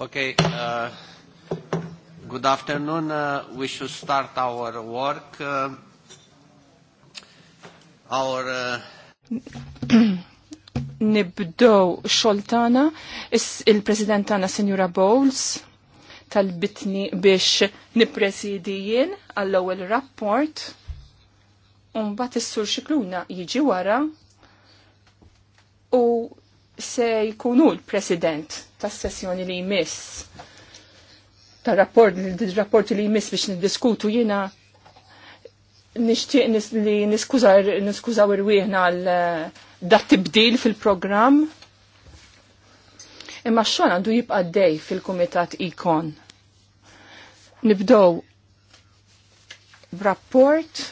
Okay, uh, good afternoon. Uh, we should start our work. Uh, our... Uh... nibdo xoltana, il-president tana Senjura Bowles, tal-bitni biex jien għall-ewwel rapport. bat is-sur xikluna jiġi wara u se jkunu l-president tas sessjoni li jmiss ta' rapport, rapport li jmiss biex niddiskutu jina nishtiq nis, li niskużaw irwieħna għal eh, dat tibdil fil-program. Imma xon għandu jibqa' dej fil-Kumitat Ikon. Nibdow b'rapport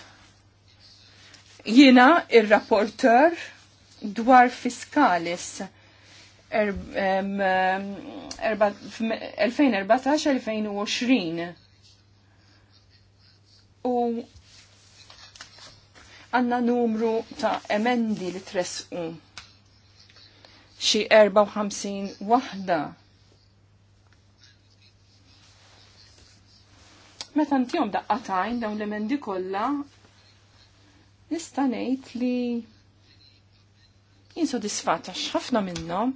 jiena ir-rapporter dwar fiskalis 2014-2020. U għanna numru ta' emendi li tresqu xi 54 waħda. Meta ntihom daqqatajn dawn l-emendi kollha nista' ngħid li jinsodisfatta x'ħafna minnhom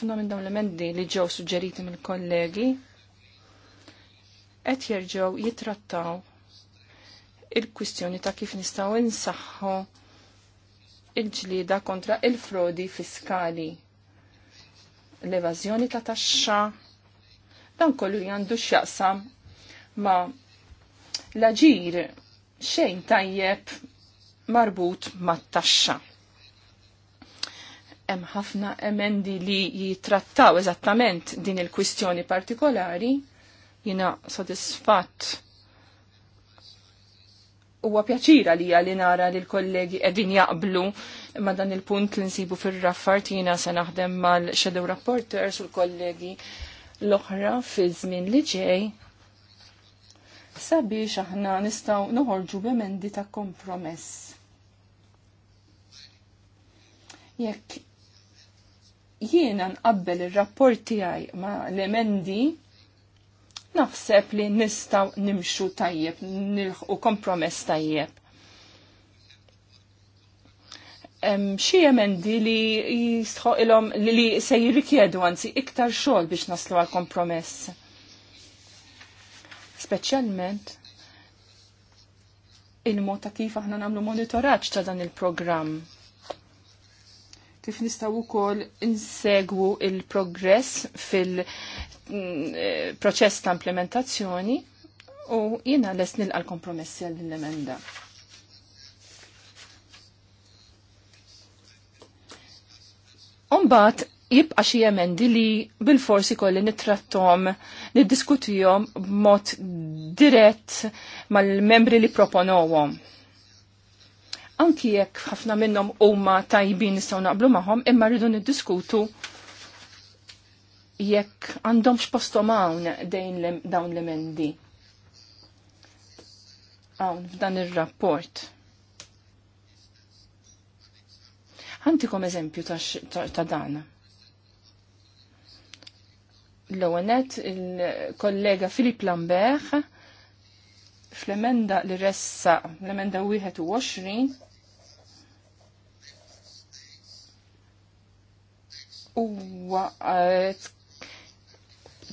ħafna minn dawn l-emendi li ġew suġġeriti mill-kollegi qed jerġgħu jitrattaw il-kwistjoni ta' kif nistgħu insaħħu il-ġlieda kontra il-frodi fiskali, l-evażjoni ta' taxxa, dan kollu għandu x'jaqsam ma' l-aġir xejn tajjeb marbut mat-taxxa hemm ħafna emendi li jitrattaw eżattament din il-kwistjoni partikolari, jina sodisfatt huwa pjaċira li li nara li l-kollegi edin jaqblu ma dan il-punt li nsibu fil-raffart jina se naħdem mal-shadow rapporters u l-kollegi l-oħra fi żmien li ġej sabiex aħna nistgħu noħorġu b'emendi ta' kompromess. Jekk jiena nqabbel ir-rapport tiegħi ma' l-emendi naħseb li nistaw nimxu tajjeb, nilħu kompromess tajjeb. Xie emendi li jistħu ilom li se jirrikjedu għanzi iktar xol biex naslu għal kompromess. Speċjalment il-mod ta' kif aħna nagħmlu monitoraġġ ta' dan il-programm kif nistaw ukoll insegwu il-progress fil-proċess mm, eh, ta' implementazzjoni u jiena lest nilqa l-kompromessi għall-emenda. Umbat jibqa xi emendi li bil-forsi kolli nittrattom, niddiskutijom b'mod dirett mal-membri li proponowhom anki jekk ħafna minnhom huma tajbin nistgħu naqblu magħhom, imma rridu niddiskutu jekk għandhomx postom hawn dejn dawn l-emendi. Hawn f'dan ir-rapport. Għantikom eżempju ta', ta, ta dan l-għonet il-kollega Filip Lambert fl-emenda li ressa l-emenda 21 huwa eh,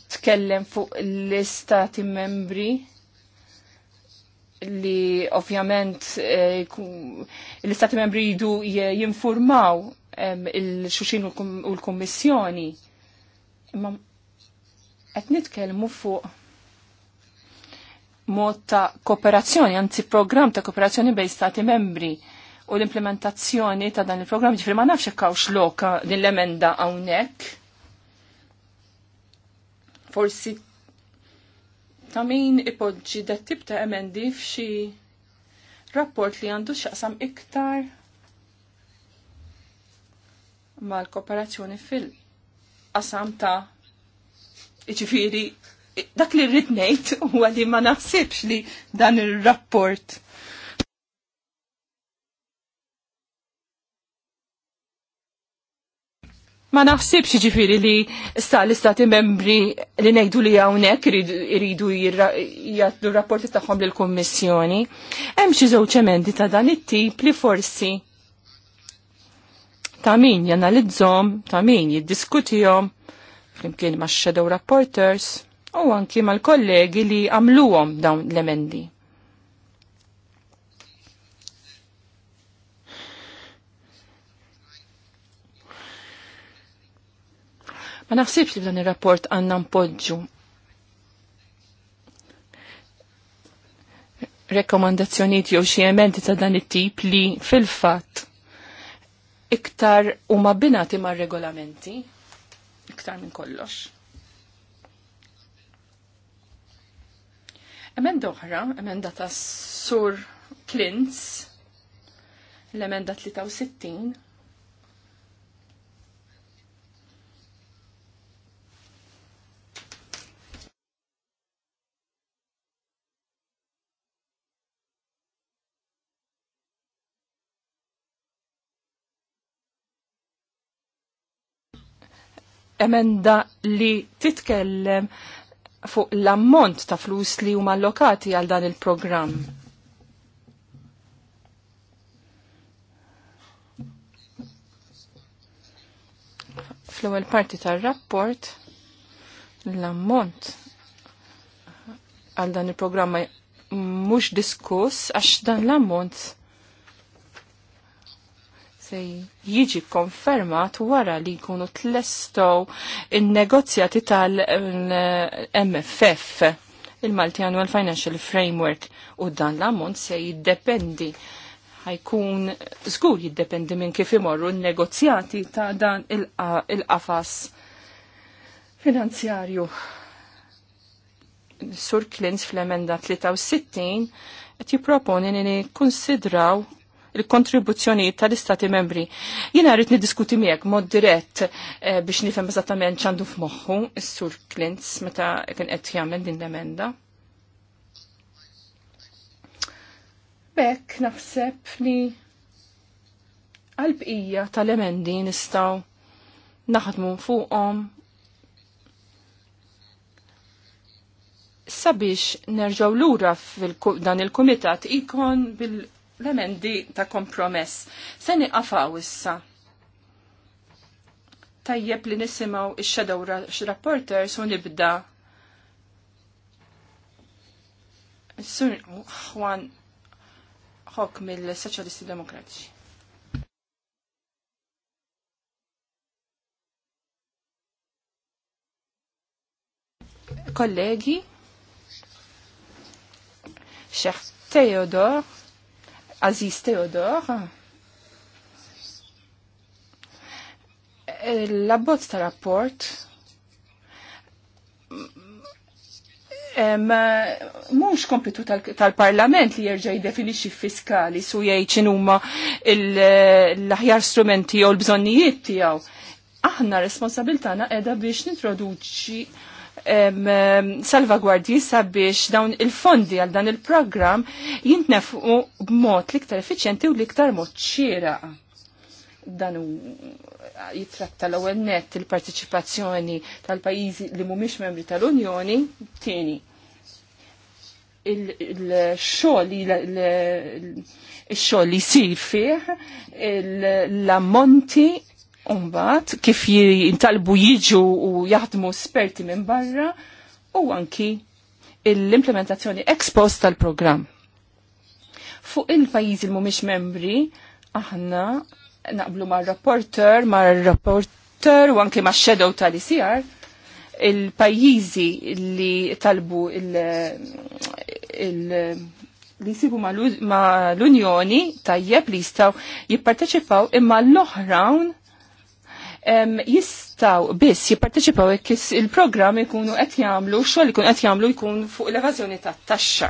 tkellem fuq l-istati membri li ovvjament eh, l-istati membri jidu jinformaw il-xuxin u l-kommissjoni. Imma qed nitkellmu fuq mod ta' kooperazzjoni, anzi program ta' kooperazzjoni bejn stati membri u l-implementazzjoni ta' dan il-programm ġifri ma nafx kawx loka din l-emenda hawnhekk. Forsi ta' min ipoġġi dat tip ta' emendi f'xi rapport li għandu x'aqsam iktar mal-kooperazzjoni fil-qasam ta' ġifiri dak li rrid ngħid huwa li ma naħsibx li dan ir-rapport ma naħsibx ġifiri li sta l-istati membri li nejdu li għawnek iridu jgħaddu rapporti taħħom l-Kommissjoni. Hemm xi żewġ emendi ta' dan it-tip li forsi ta' min janalizzom, ta' min jiddiskutijom, flimkien ma' shadow rapporters u anki mal-kollegi li għamluwom dawn l-emendi. Ma naħsibx li f'dan ir-rapport għandna mpoġġu rekomandazzjonijiet jew xi emendi ta' dan it-tip li fil-fatt iktar huma binati mar-regolamenti iktar minn kollox. Emenda oħra, emenda ta' Sur Klintz, l-emenda 63, emenda li titkellem fuq l-ammont ta' flus li huma allokati għal dan il-programm. Fl-ewwel parti tar-rapport l-ammont għal dan il-programm mhux diskuss għax dan l-ammont se jiġi konfermat wara li jkunu tlestow il-negozjati tal-MFF il-Malti Annual Financial Framework u dan l-ammont se jiddependi ħajkun zgur jiddependi minn kif imorru n-negozjati ta' dan il-qafas finanzjarju. Sur Klins fl-emenda 63 qed jipproponi li konsidraw il-kontribuzzjoni tal-istati membri. Jina rrit nidiskuti miegħek mod dirett eh, biex nifhem eżattament x'għandu f'moħħu is-Sur Klintz meta kien qed jagħmel din l-emenda. Bekk naħseb li għalbqija tal-emendi nistaw naħdmu fuqhom sabiex nerġaw lura fil dan il-komitat ikon bil l-emendi ta' kompromess. Se niqafaw issa. Tajjeb li nisimaw ix-shadow Reporters u nibda. Sun Juan Hawk mill-Soċjalisti Demokratiċi. Kollegi, Sheikh Theodore, Aziz Teodor. L-abbozz ta' rapport mhux kompitu tal-Parlament li jerġa' jidefinixi fiskali su jgħid x'inhuma l-aħjar strumenti jew l-bżonnijiet tiegħu. Aħna responsabiltana qiegħda biex nitroduċi salvagwardji sabiex dawn il-fondi għal dan il-program jintnefqu b'mod liktar effiċjenti u liktar mod ċira. Dan jitratta l-ewwel net il-partiċipazzjoni tal-pajjiżi li mhumiex membri tal-Unjoni, tieni il-xogħol il-xogħol li jsir fih l-ammonti Umbat, kif jintalbu jiġu u jaħdmu sperti minn barra, u anki l-implementazzjoni ex post tal-programm. Fuq il-pajizi il mumiex membri, aħna naqblu ma' rapporter, ma' rapporter u anki ma' shadow tal-ICR, il-pajizi li talbu il- li jisibu ma' l-Unjoni tajjeb li jistaw jipparteċipaw imma l-oħrawn jistaw biss jipparteċipaw jekk il-programm ikunu qed jagħmlu xogħol ikun qed jagħmlu jkun fuq l-evażjoni tat-taxxa.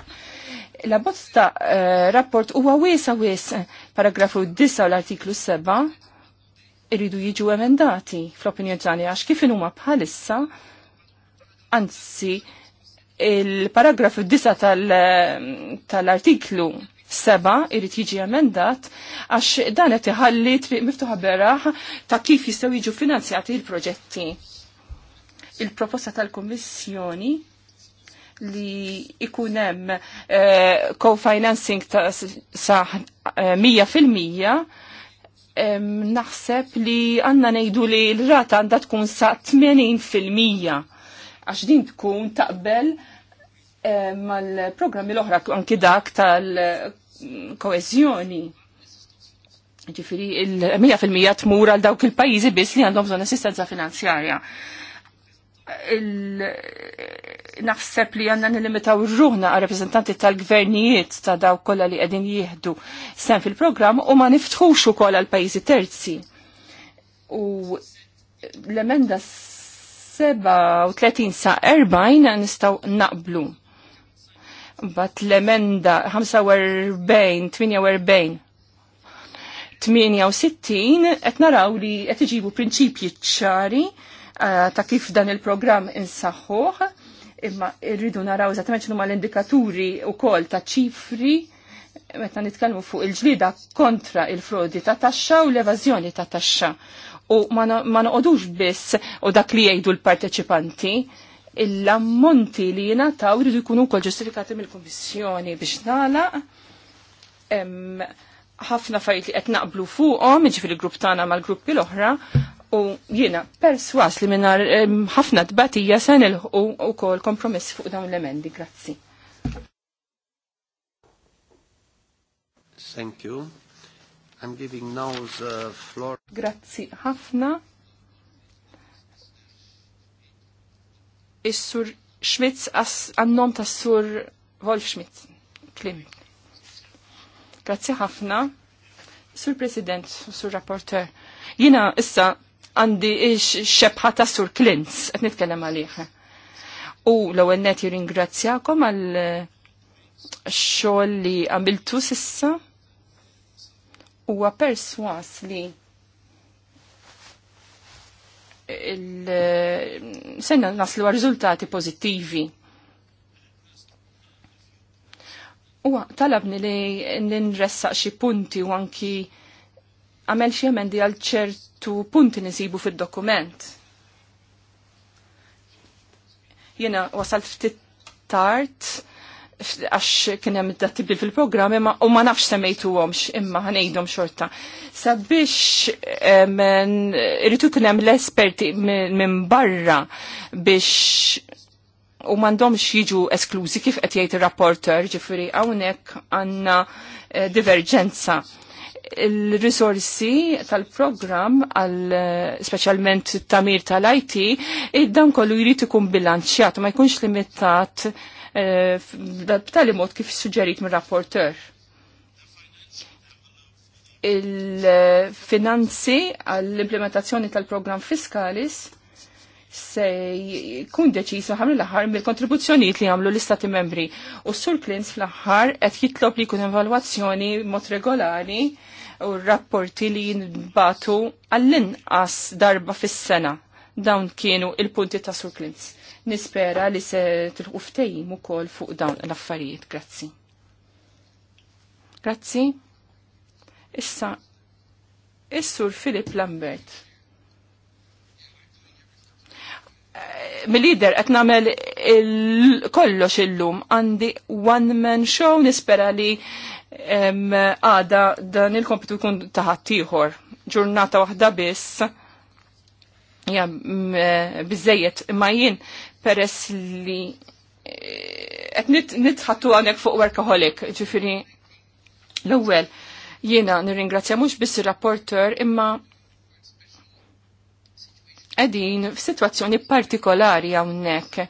La bosta uh, eh, rapport huwa wiesa wies eh, paragrafu 9 u l-artiklu 7 iridu jiġu emendati fl-opinjoni tagħni għax kif huma bħalissa anzi il-paragrafu 9 eh, tal-artiklu tal seba irrit jiġi emendat għax dan qed iħalli triq miftuħa beraħ ta' kif jistgħu jiġu finanzjati l-proġetti. Il-proposta tal-Kummissjoni li ikun hemm eh, co-financing ta' sa' 100% eh, mija naħseb li għanna nejdu li l-rata għandha tkun sa' 80% għax din tkun taqbel Eh, mal-programmi l-oħra anki dak tal-koezjoni. Ġifiri, il-100% tmur għal dawk il-pajizi biss li għandhom bżon assistenza finanzjarja. Naħseb li għanna nilimitaw ruħna għal reprezentanti tal-gvernijiet ta' dawk kolla li għedin jihdu sen fil-program u ma niftħux u kolla l-pajizi terzi. U l-emenda 37 sa 40 nistaw naqblu bat l-emenda 45-48 68 qed naraw li qed iġibu prinċipji ċari eh, ta' kif dan il-programm insaħħuħ, imma rridu naraw eżattament x'inhuma l-indikaturi wkoll ta' ċifri meta nitkellmu fuq il-ġlida kontra il-frodi ta' taxxa u l-evażjoni ta' taxxa. U ma noqodux biss u dak li jgħidu l-parteċipanti, l-ammonti li jingħataw jridu jkunu kol ġustifikati mill-Kummissjoni biex nagħlaq ħafna fajt li qed naqblu fuqhom, jiġifieri il-grupp tagħna mal-gruppi l-oħra, u jiena perswas li minnar ħafna tbatija se u wkoll kompromiss fuq dawn l-emendi. Grazzi. Thank you. I'm giving now the floor. Grazzi ħafna. is-sur Schmitz għannom ta' sur Wolf Schmitz. Klim. Grazzi ħafna. Sur President, Sur Rapporteur. Jina issa għandi xebħa ta' Sur Klintz, għet nitkellem għalih. U l ewwel nett jiringrazzjakom għal eh, xogħol li għamiltu sissa. Huwa perswas li senna naslu riżultati pozittivi. U talabni li ninressaq xi punti u anki għamel xi emendi għal ċertu punti nisibu fil dokument Jena wasal ftit tard għax kienem id-dattibi fil-programm imma u ma nafx semmejtu għomx imma ħanejdom xorta. Sabiex irritu kienem l-esperti minn barra biex u mandomx jiġu esklużi kif qed jgħid ir-rapporter ġifieri hawnhekk għandna eh, diverġenza il-risorsi tal-program għal eh, specialment tamir tal-IT id-dan kollu jrid ikun bilanċjat ma jkunx limitat Eh, b'tali mod kif suġġerit mir rapporteur Il-finanzi għall-implementazzjoni tal-programm fiskalis se jkun deċiż ħamlu l-aħħar mill-kontribuzzjonijiet li għamlu l-istati membri. U s-sur Klins fl-aħħar qed jitlob li jkun evalwazzjoni mod regolari u rapporti li jinbatu għall-inqas darba fis-sena. Dawn kienu il-punti ta' Sur Klins nispera li se tilħu ftejim kol fuq dawn l-affarijiet. Grazzi. Grazzi. Issa, Is-sur Filip Lambert. Eh, mill-lider qed nagħmel il kollox illum għandi one man show nispera li għada dan il-kompitu kun taħattijħor. Ġurnata waħda biss. Ja, eh, bizzejiet imma jien peress li eh, qed ħattu hawnhekk fuq workaholic, ġifieri l-ewwel jiena nirringrazzja mhux biss ir-rapporter imma qegħdin f'sitwazzjoni partikolari hawnhekk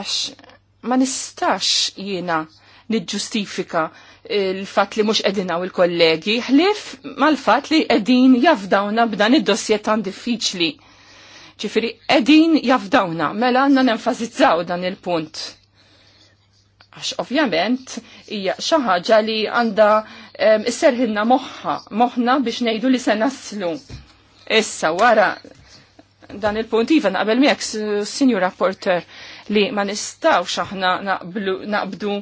għax ma nistax jiena niġġustifika il-fat li mux edina u l-kollegi, ħlif mal-fat li edin jafdawna b'dan id dossiet tan diffiċli ċifiri edin jafdawna, mela għanna nenfazizzaw dan il-punt. Għax ovvjament hija xi ħaġa li għandha isserħilna moħħa, moħħna biex ngħidu li se naslu. Issa wara dan il-punt iva naqbel miegħek sinjur rapporter li ma nistgħux aħna naqbdu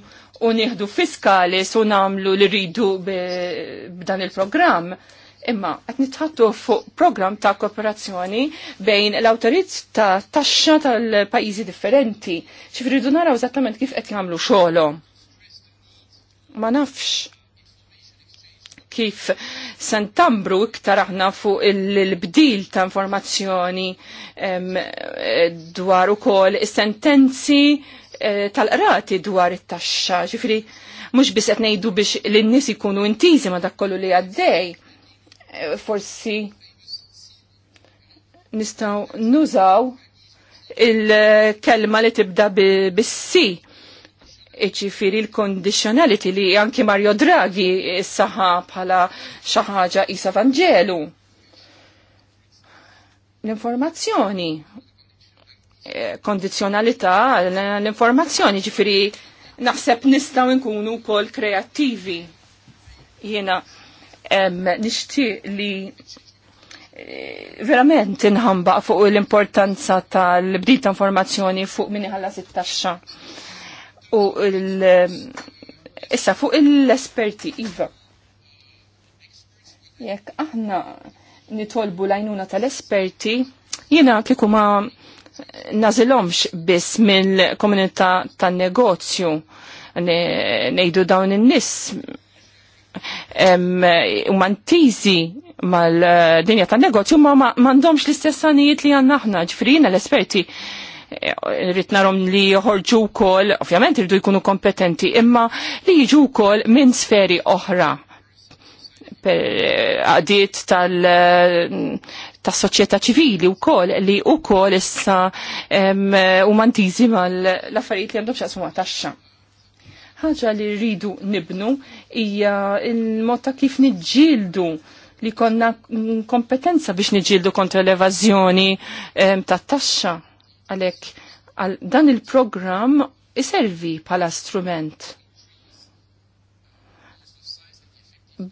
u nieħdu fiskali su nagħmlu li ridu b'dan il-programm Imma qed nitħattu fuq program ta' kooperazzjoni bejn l-awtorit ta' taxxa tal-pajjiżi differenti. Xifridu naraw eżattament kif qed jagħmlu xogħolhom. Ma nafx kif sentambru iktar aħna fuq il-bdil ta' informazzjoni dwar ukoll is-sentenzi eh, tal-qrati dwar it-taxxa. Ġifri, mhux biss qed ngħidu biex lin-nies ikunu intizi ma' dak kollu li għaddej Eh, forsi nistaw nużaw il-kelma li tibda bis-si iċifiri l-conditionality li anki Mario Draghi saħa bħala xaħġa Isa Vangelu. L-informazzjoni, eh, kondizjonalità, l-informazzjoni ġifiri naħseb nistaw nkunu kol kreativi. Jena nixtieq li eh, verament inħamba fuq l-importanza tal bdita ta' informazzjoni fuq minni iħallas sittaxa. U U issa fuq l-esperti, Iva. Jekk aħna nitolbu lajnuna tal-esperti, jiena kiku ma nazilomx biss mill-komunità tan-negozju nejdu dawn in-nies umantizi mal-dinja tan negozju ma mandomx l-istess li għanna ħna ġifrina l-esperti rrit narom li joħorġu kol, ovvjament rridu jkunu kompetenti, imma li jiġu kol minn sferi oħra per għadiet tal ta' soċjetà ċivili u kol li u kol issa mantizi mal l-affarijiet li għandhom xaqsmu għataxxa ħaġa li rridu nibnu hija il-mod ta' kif niġġieldu li konna kompetenza biex niġġieldu kontra l evażjoni ta' taxxa. Għalhekk għal dan il programm iservi pala strument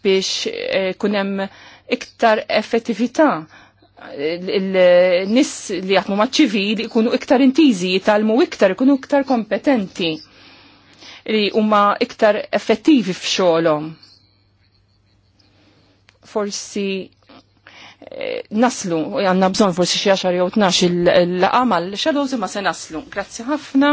biex eh, kun kunem iktar effettività il-nis li jaħdmu maċ ċivili ikunu iktar intizi, jitalmu iktar, ikunu iktar kompetenti li huma iktar effettivi f'xogħolhom. Forsi eh, naslu, għanna bżon forsi xie għaxar jew tnax il-qamal, xadozi ma se naslu. Grazzi ħafna.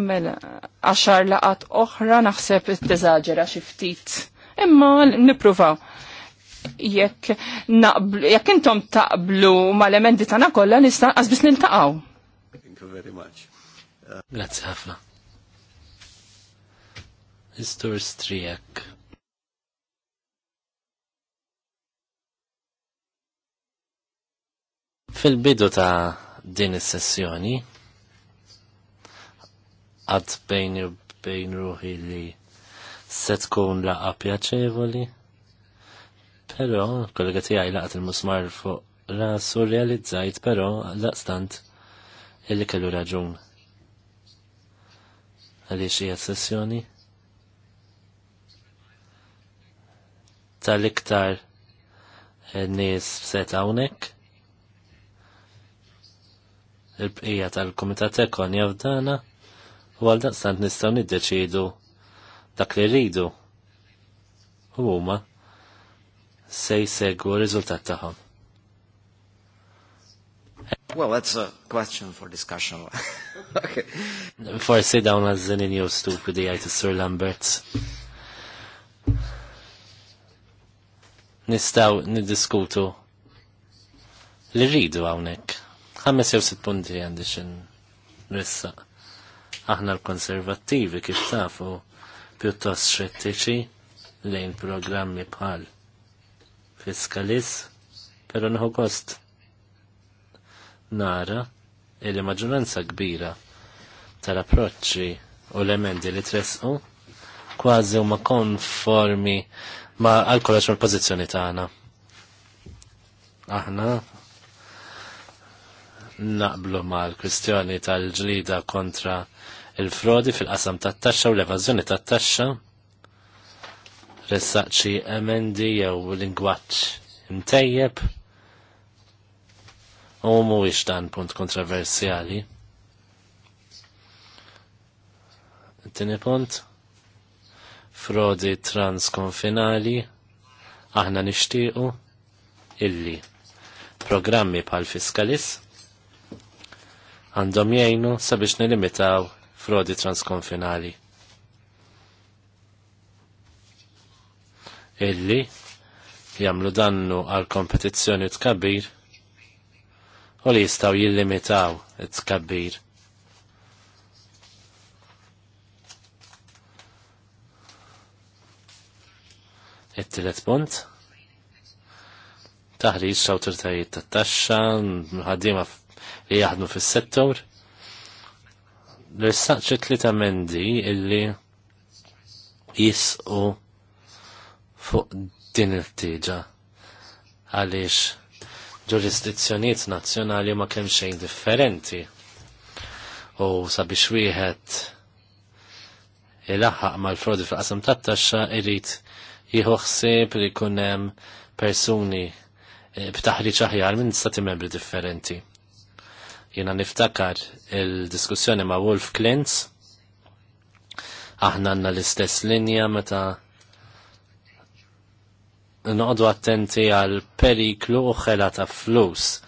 Mela, għaxar laqat oħra naħseb t xi xiftit. Imma nippruvaw. Jekk naqblu, jekk intom taqblu ma l-emendi tana kolla nista' għazbis niltaqgħu. Thank you very much. Grazzi ħafna. Mr. strijek. Fil-bidu ta' din is-sessjoni għad bejn bejn ruħi li se tkun laqa pjaċevoli, però kollega tiegħi laqat il-musmar fuq rasu realizzajt però laqstant illi kellu raġun għaliex hija sessjoni tal-iktar eh, nies set hawnhekk il-bqija tal komitat Ekon jafdana u għal daqstant nistaw niddeċidu dak li rridu u huma se jsegwu r-riżultat tagħhom. Well, that's a question for discussion. okay. Forsi dawn għazzinin jew stupidi to Sir Lambert. Nistaw niddiskutu li rridu għawnek. Ħammes jew punti għandi xin rissa. Aħna l-konservativi kif tafu pjuttost xettiċi lejn programmi bħal fiskalis, pero nħu kost nara illi maġunanza kbira tal-approċċi u l-emendi li tresqu kważi huma konformi ma' għal-kollox mal-pożizzjoni tagħna. Aħna naqblu mal-kwistjoni tal-ġlida kontra il-frodi fil-qasam tat-taxxa u l-evażjoni tat-taxxa ressaċi emendi jew lingwaġġ imtejjeb u mhuwiex dan punt kontroversjali. Tini punt frodi transkonfinali aħna nixtiequ illi programmi bħal fiskalis għandhom jgħinu sabiex nilimitaw frodi transkonfinali. Illi jamlu dannu għal kompetizzjoni tkabbir u li jistaw jillimitaw it-tkabbir. It-tielet punt. Taħriġ autoritajiet tat-taxxa, ħaddiema li jaħdmu fis-settur. L-istaqċi tlieta mendi illi jisqu fuq din il-tieġa għaliex ġurisdizzjonijiet nazzjonali ma kemm xejn differenti. U sabiex wieħed il mal-frodi fil-qasam tat-taxxa irid jieħu ħsieb li jkun hemm persuni eh, b'taħriġ aħjar minn stati membri differenti. Jiena niftakar il-diskussjoni ma' Wolf Klintz, aħna għandna l-istess linja meta' noqdu attenti għal periklu u ta' flus.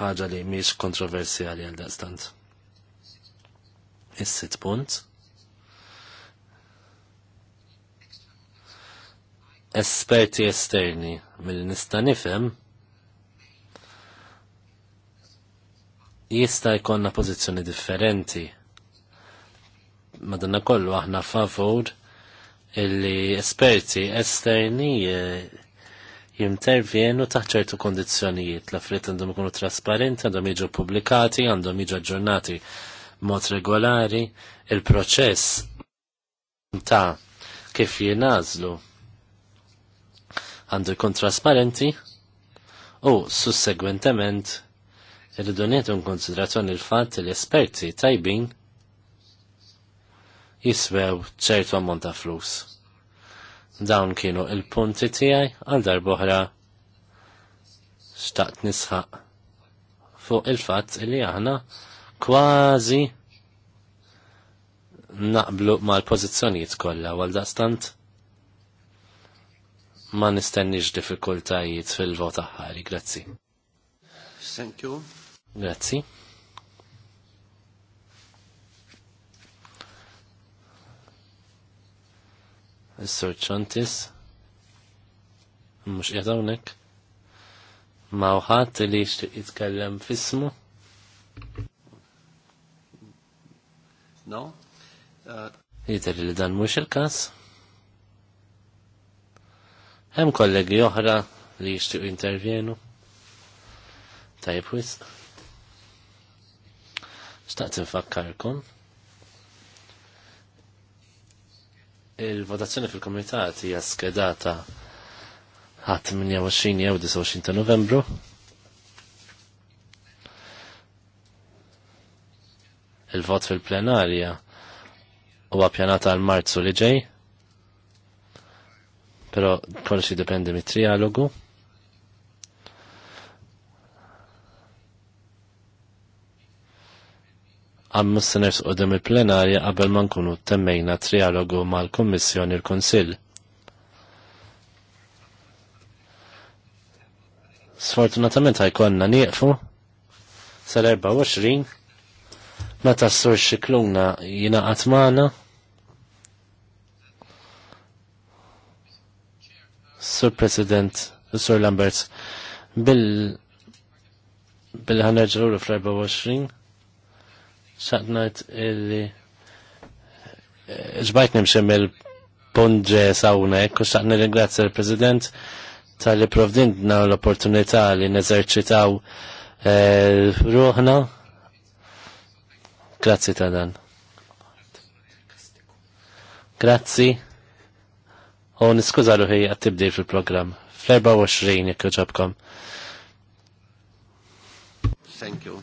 ħaġa li miex kontroversjali għal dastant. Is-sit punt. Esperti esterni mill nista' nifhem jista' jkollna pożizzjoni differenti. Madonna kollu aħna favur illi esperti esterni eh, jimtervjenu taħt ċertu kondizjonijiet. l fritt għandhom ikunu trasparenti, għandhom jiġu pubblikati, għandhom jiġu aġġornati mod regolari. Il-proċess ta' kif jinażlu għandu jkun trasparenti u sussegwentement irridu nieħdu konsiderazzjoni l-fatt li esperti tajbin jiswew ċertu ammont ta' flus. Dawn kienu il-punti tiegħi għal darboħra xtaqt nisħaq fuq il-fatt li aħna kważi naqblu mal-pożizzjonijiet kollha għal daqstant ma nistenniex diffikultajiet fil-vot aħħari. Grazzi. Thank you. Grazzi. Sir Chantis mux jadawnek, mawħat li jitkellem fismu. No? Uh, Jiter li dan mux il-kas. Hem kollegi oħra li jishtiq intervjenu. Tajb wis. Xtaqt nfakkarkom. Il-votazzjoni fil-komitat hija skedata ħadd 28 jew 29 ta' Novembru. Il-vot fil-plenarja huwa pjanata għal Marzu li ġej, però kollox jiddependi mit-trialogu. għammu s-seners u il-plenarja qabel ma nkunu temmejna trialogu mal-Kommissjoni l-Konsil. Sfortunatament ħajkonna nieqfu sal-24 meta s-sur xikluna jina għatmana Sur President, Sur Lambert, bil bil ħanerġu l-24 xaqnajt illi eh, zbajt nimxem il ponġe sawnek u xaqni ringrazzja l-President tal-li provdintna l-opportunità li neżerċitaw eh, ruħna. Grazzi ta' dan. Grazzi. U niskuza ruħi għat-tibdil fil-program. Fl-24 jekk ġabkom. Thank you.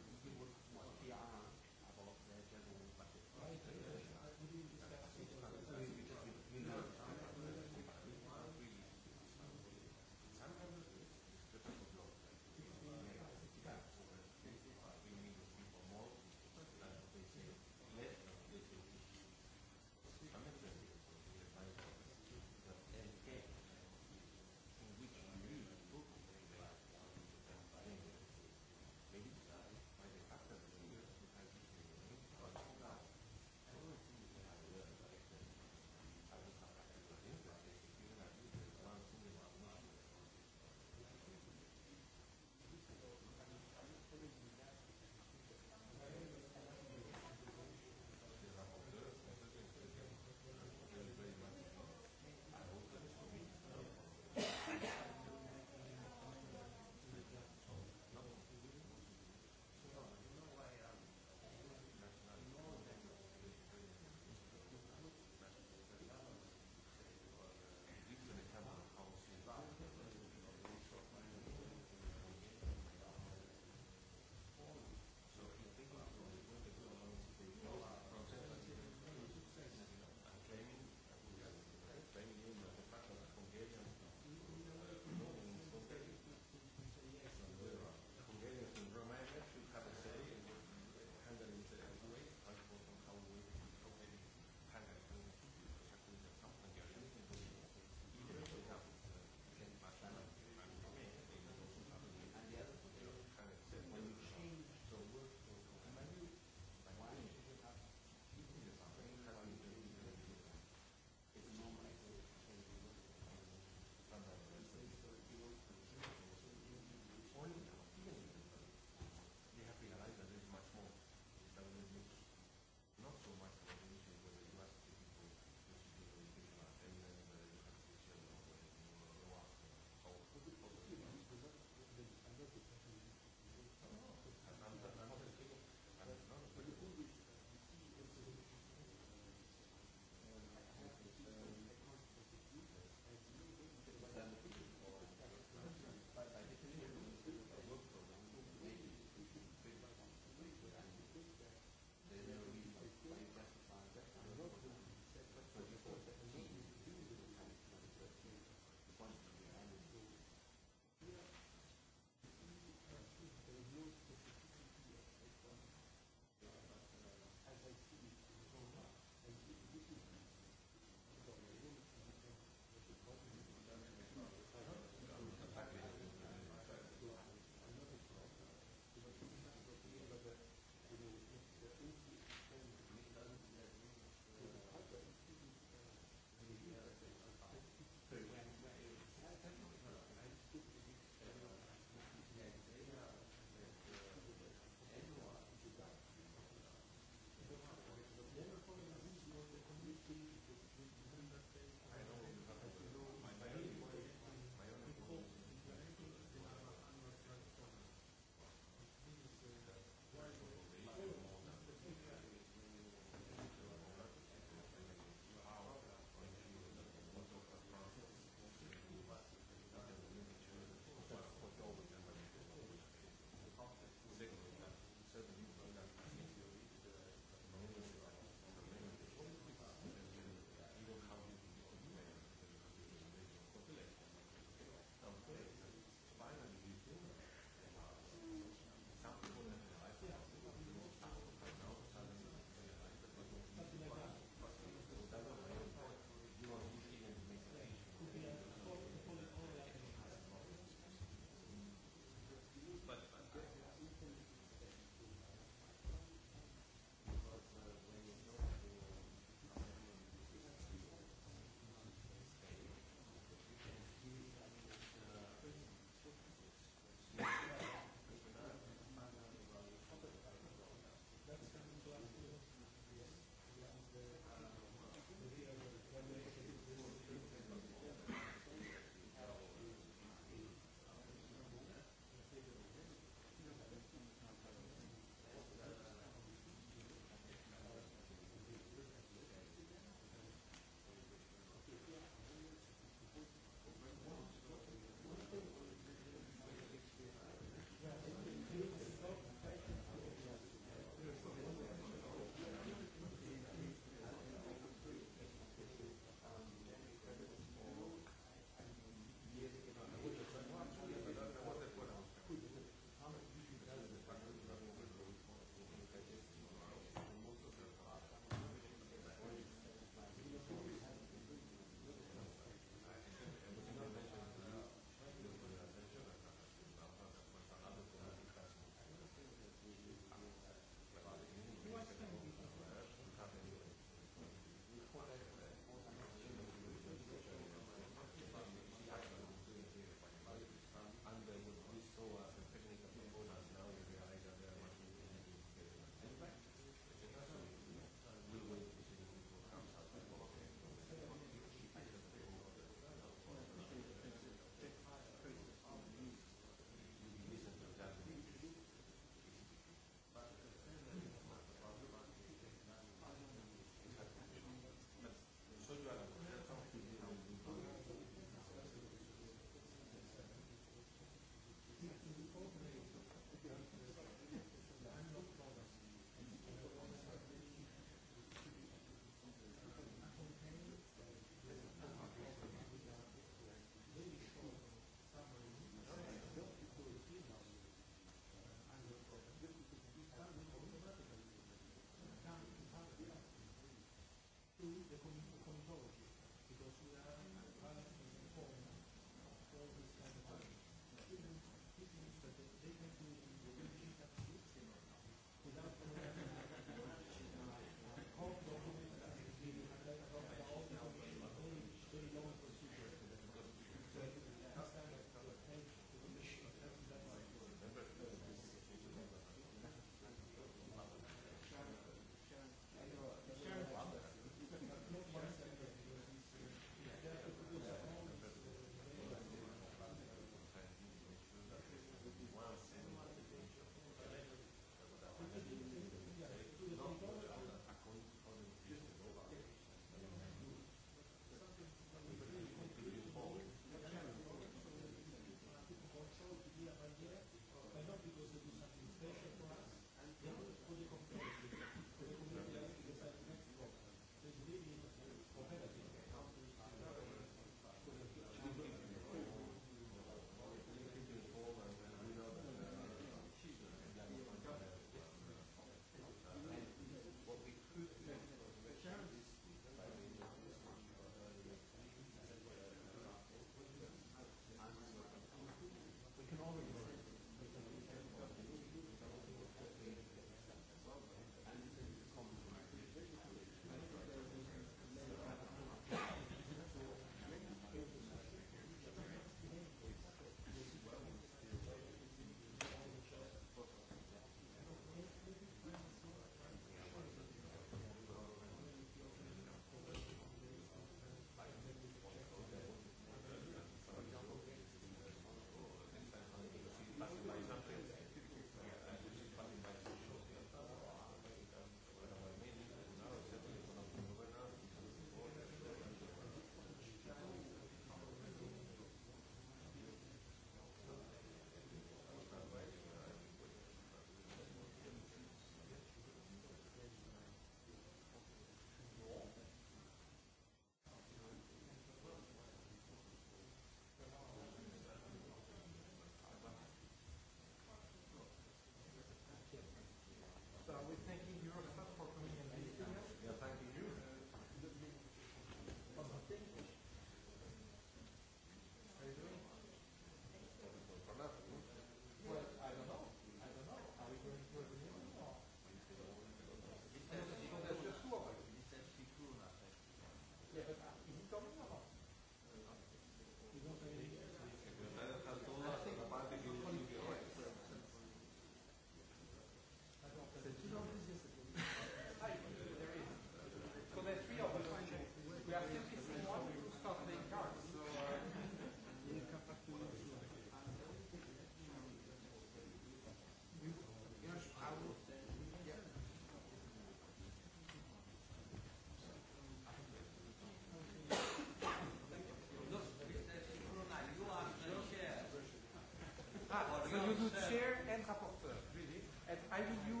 You're the chair and rapporteur, really. And I will use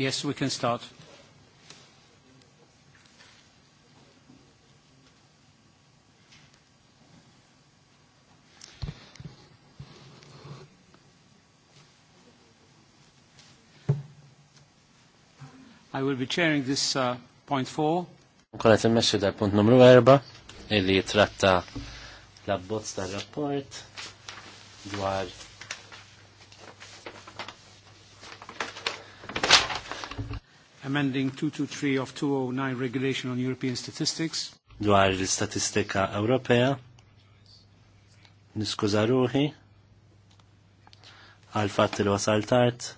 Yes, we can start. I will be chairing this uh, point 4. Kolet il-messu da punt numru 4 illi tratta l-abbozz tar-rapport dwar amending 223 of 209 regulation on European statistics. Dwar l-istatistika Ewropea, niskuża ruħi, għal fatt li wasal tard,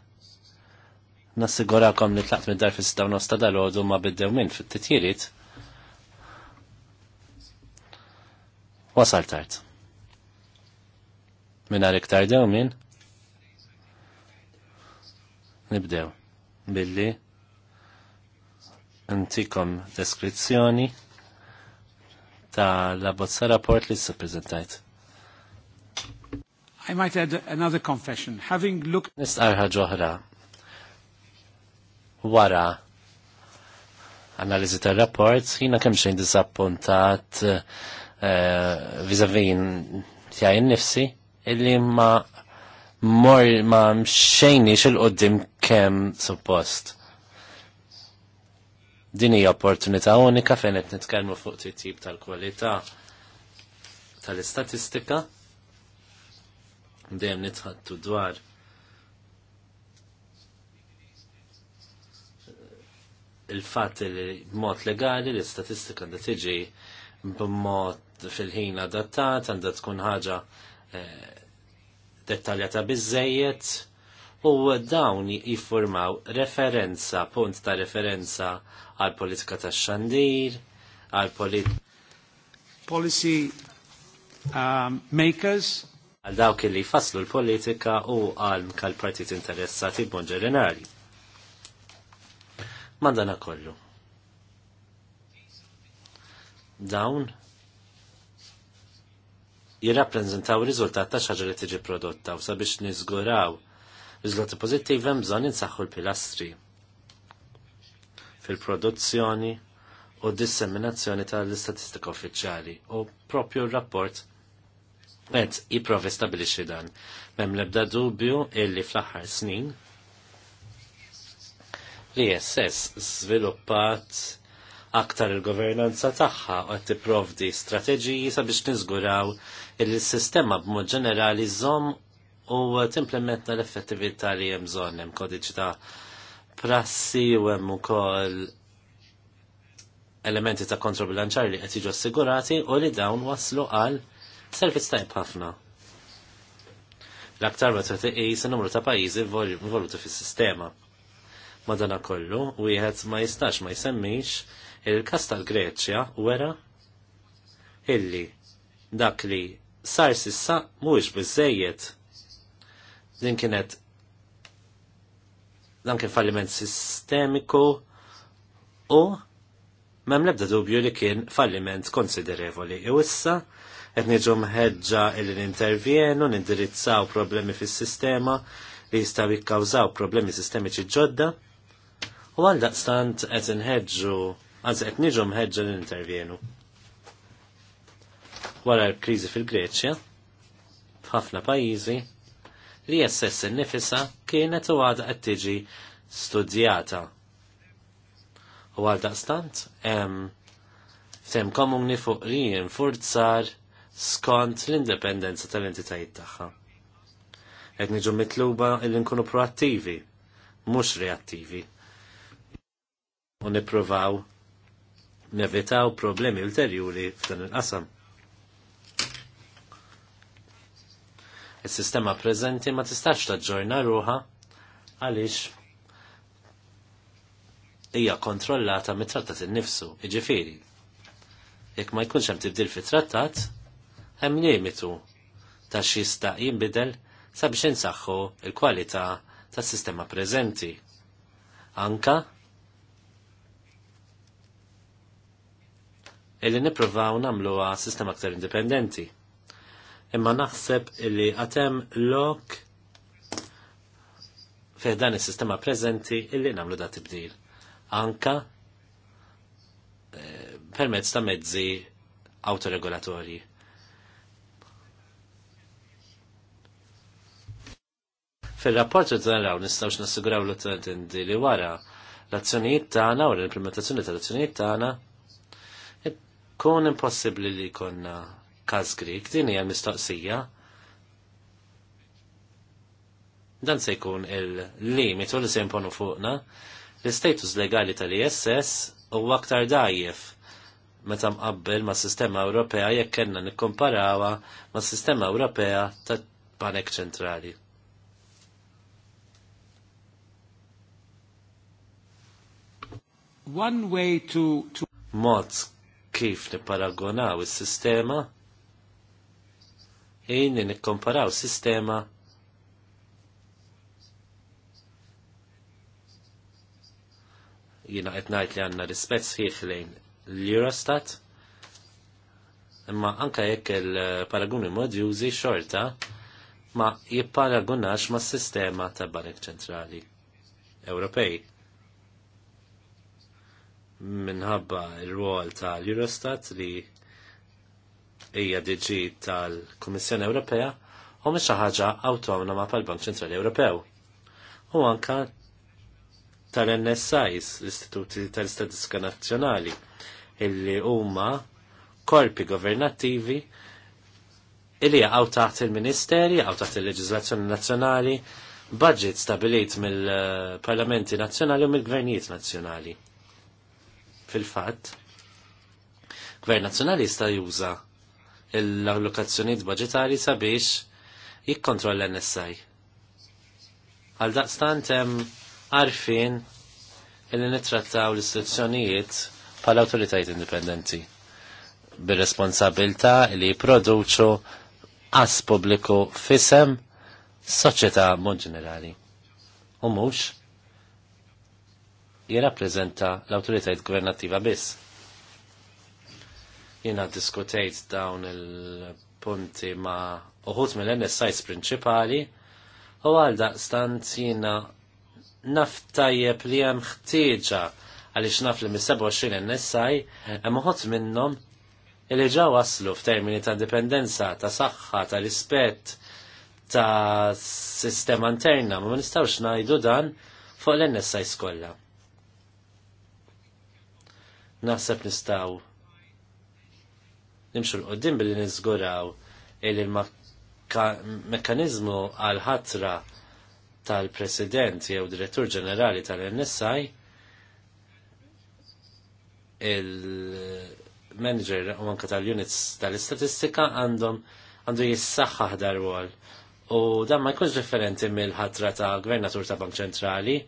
nassigurakom li tlaqt mid-dar fi sitta nosta dal-ħodu ma biddew minn fit-titjiriet. Wasal tard. Minna għal iktar dew minn? Nibdew. Billi? antikom deskrizzjoni ta' la bozza rapport li s-prezentajt. I might add another confession. Having looked... Nistarħa ġohra. Wara analizi tal rapport jina kemm xejn disappuntat eh, vizavin tijaj nifsi illi ma mor ma mxejni il qoddim kem suppost. Din hija opportunità unika fejn qed nitkellmu fuq tip tal-kwalità tal-istatistika dejjem nitħattu dwar il-fatt li b'mod legali l-istatistika da tiġi b'mod fil-ħin adattat għandha tkun ħaġa eh, dettaljata biżejjed u dawn jiffurmaw referenza, punt ta' referenza għal politika ta' xandir, għal polit policy um, makers għal dawk li faslu l-politika u għal kal partit interessati b'mod ġenerali. Mandana kollu. Dawn jirrappreżentaw riżultat ta' xaġa li tiġi prodotta u sabiex niżguraw Riżultati pozittiv hemm bżonn insaħħu l-pilastri fil-produzzjoni u disseminazzjoni tal-istatistika uffiċjali u propju r-rapport qed jipprovi stabilixxi dan. M'hemm lebda ebda dubju illi fl-aħħar snin li SS żviluppat aktar il-governanza tagħha u qed tipprovdi strateġiji sabiex niżguraw il-sistema b'mod ġenerali żomm u timplementa l-effettività li hemm bżonn hemm kodiċi ta' prassi u hemm ukoll elementi ta' kontrabilanċar li qed jiġu assigurati u li dawn waslu għal servizz ta' ħafna. L-aktar ma tqis numru ta' pajjiżi involuti fis-sistema. Madana kollu, wieħed ma jistax ma jisemmix il-kas tal-Greċja wera illi dak li sar sissa mhuwiex biżejjed Din kienet dan kien falliment sistemiku u mem lebda dubju li kien falliment konsiderevoli. U issa qed niġu mħeġġa li nintervjenu, nindirizzaw problemi fis-sistema li jistgħu jikkawżaw problemi sistemiċi ġodda u għal daqstant qed inħeġġu għaz qed niġu mħeġġa li nintervjenu. Wara l-kriżi fil-Greċja, f'ħafna pajjiżi, li jessess nifisa kienet u għada qed tiġi studjata. U għal daqstant, ftem komuni fuq li jinfurzar skont l-indipendenza tal-entitajiet tagħha. Qed niġu mitluba li nkunu proattivi, mhux reattivi. U nippruvaw nevitaw problemi ulterjuri f'dan il-qasam. Is-sistema preżenti ma tistax taġġorna ruha għaliex hija kontrollata mit-trattat innifsu, iġifiri. Jekk ma jkunx hemm tibdil fit-trattat, hemm limitu ta' xista jinbidel sabiex insaħħu il-kwalità tas-sistema preżenti. Anka illi niprovaw nagħmluha sistema aktar indipendenti imma naħseb li għatem lok fih dan is-sistema preżenti illi nagħmlu da tibdil. Anka eh, permezz ta' mezzi autoregolatorji. Fil-rapport li naraw nistgħux nassiguraw l-utenti li wara l-azzjonijiet tagħna u l-implementazzjoni tal-azzjonijiet tagħna kun impossibbli li konna każ Grik, din hija mistoqsija. Dan se jkun il-limitu li se imponu fuqna l-istatus legali tal-ISS huwa aktar dajjef meta mqabbel ma' sistema Ewropea jekk kellna nikkomparawha ma' sistema Ewropea ta' Banek Ċentrali. One way to, to... Mod kif nipparagonaw is-sistema ejn nikkomparaw sistema jina qed ngħid li għandna rispett sħiħ lejn l-Eurostat imma anka jekk il-paraguni modjużi xorta ma jipparagunax ma s-sistema ta' Banek Ċentrali Ewropej. Minħabba il-rol ta' l-Eurostat li hija diġi tal-Kummissjoni Ewropea u mhix xi ħaġa awtonoma pal-Bank Ċentrali Ewropew. U anka tal-NSIs, l-Istituti tal-Istatistika Nazzjonali, illi huma korpi governattivi illi għaw taħt il-Ministeri, għaw taħt il-Leġizlazzjoni Nazzjonali, budget stabilit mill-Parlamenti Nazzjonali u mill-Gvernijiet Nazzjonali. Fil-fatt, Gvern Nazzjonali jista' juża l-allokazzjoniet budgetari sabiex jikkontroll l nessaj Għal daqstant hemm għarfin illi nittrattaw l-istituzzjonijiet pal autoritajiet indipendenti bir-responsabilta li jipproduċu għas publiku fisem soċjetà mod ġenerali. U mhux jirrappreżenta l-awtoritajiet governattiva biss. Jena diskutejt dawn il-punti ma' uħut mill-NSIs prinċipali u għal daqstant jena naf tajjeb li hemm ħtieġa għaliex naf li mis-27 NSI hemm uħut minnhom li ġa waslu f'termini ta' dipendenza, ta' saħħa, ta' rispett, ta' sistema interna, ma' nistawx najdu dan fuq l-NSI skolla. Naħseb nistaw nimxu l-qoddim billi nizguraw il mekanizmu għal-ħatra tal-president jew direttur ġenerali tal-NSI il-manager u anka tal-units tal-istatistika għandhom għandu jissaxħaħ dar-wol. U dan ma jkunx differenti mill-ħatra ta' gvernatur ta' Bank Ċentrali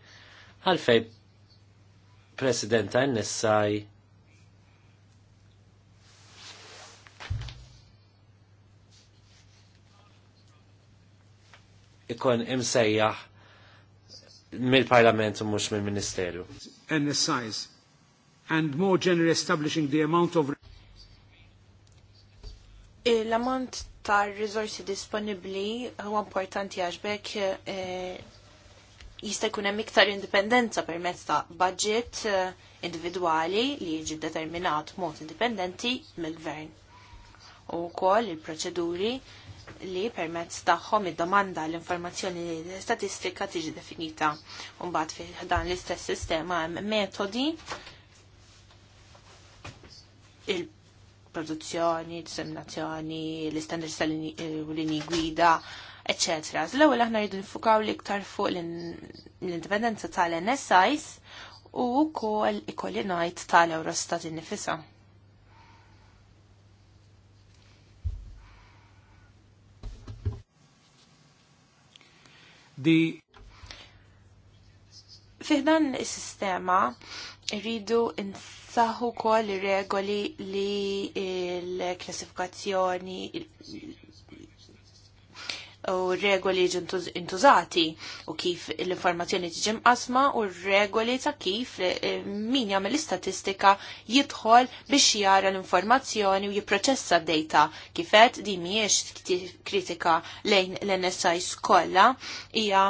għalfej president ta' NSI Ikon imsejjaħ mill-Parlament u mhux mill-Ministeru. And the size and more generally establishing the amount of L-ammont ta' risorsi disponibbli huwa importanti għaxbek eh, jista' jkun hemm iktar indipendenza permezz ta' budget eh, individwali li jiġi determinat mod indipendenti mill-gvern. U wkoll il-proċeduri li permezz tagħhom id-domanda l-informazzjoni statistika tiġi definita. Mbagħad fi dan l-istess sistema hemm metodi il-produzzjoni, disseminazzjoni, l-istandards tal-lini eh, gwida, etc. L-ewwel aħna rridu nfukaw l-iktar fuq l-indipendenza tal-NSIs u wkoll ikolli ngħid tal-Eurostat innifisha. di Fihdan il-sistema rridu nsaħu kol regoli li il klassifikazzjoni u regoli intużati u kif l-informazzjoni tiġi mqasma u regoli ta' kif eh, min jagħmel istatistika jidħol biex jara l-informazzjoni u jipproċessa d-data. Kifet di mhijiex kritika lejn l-NSI skolla hija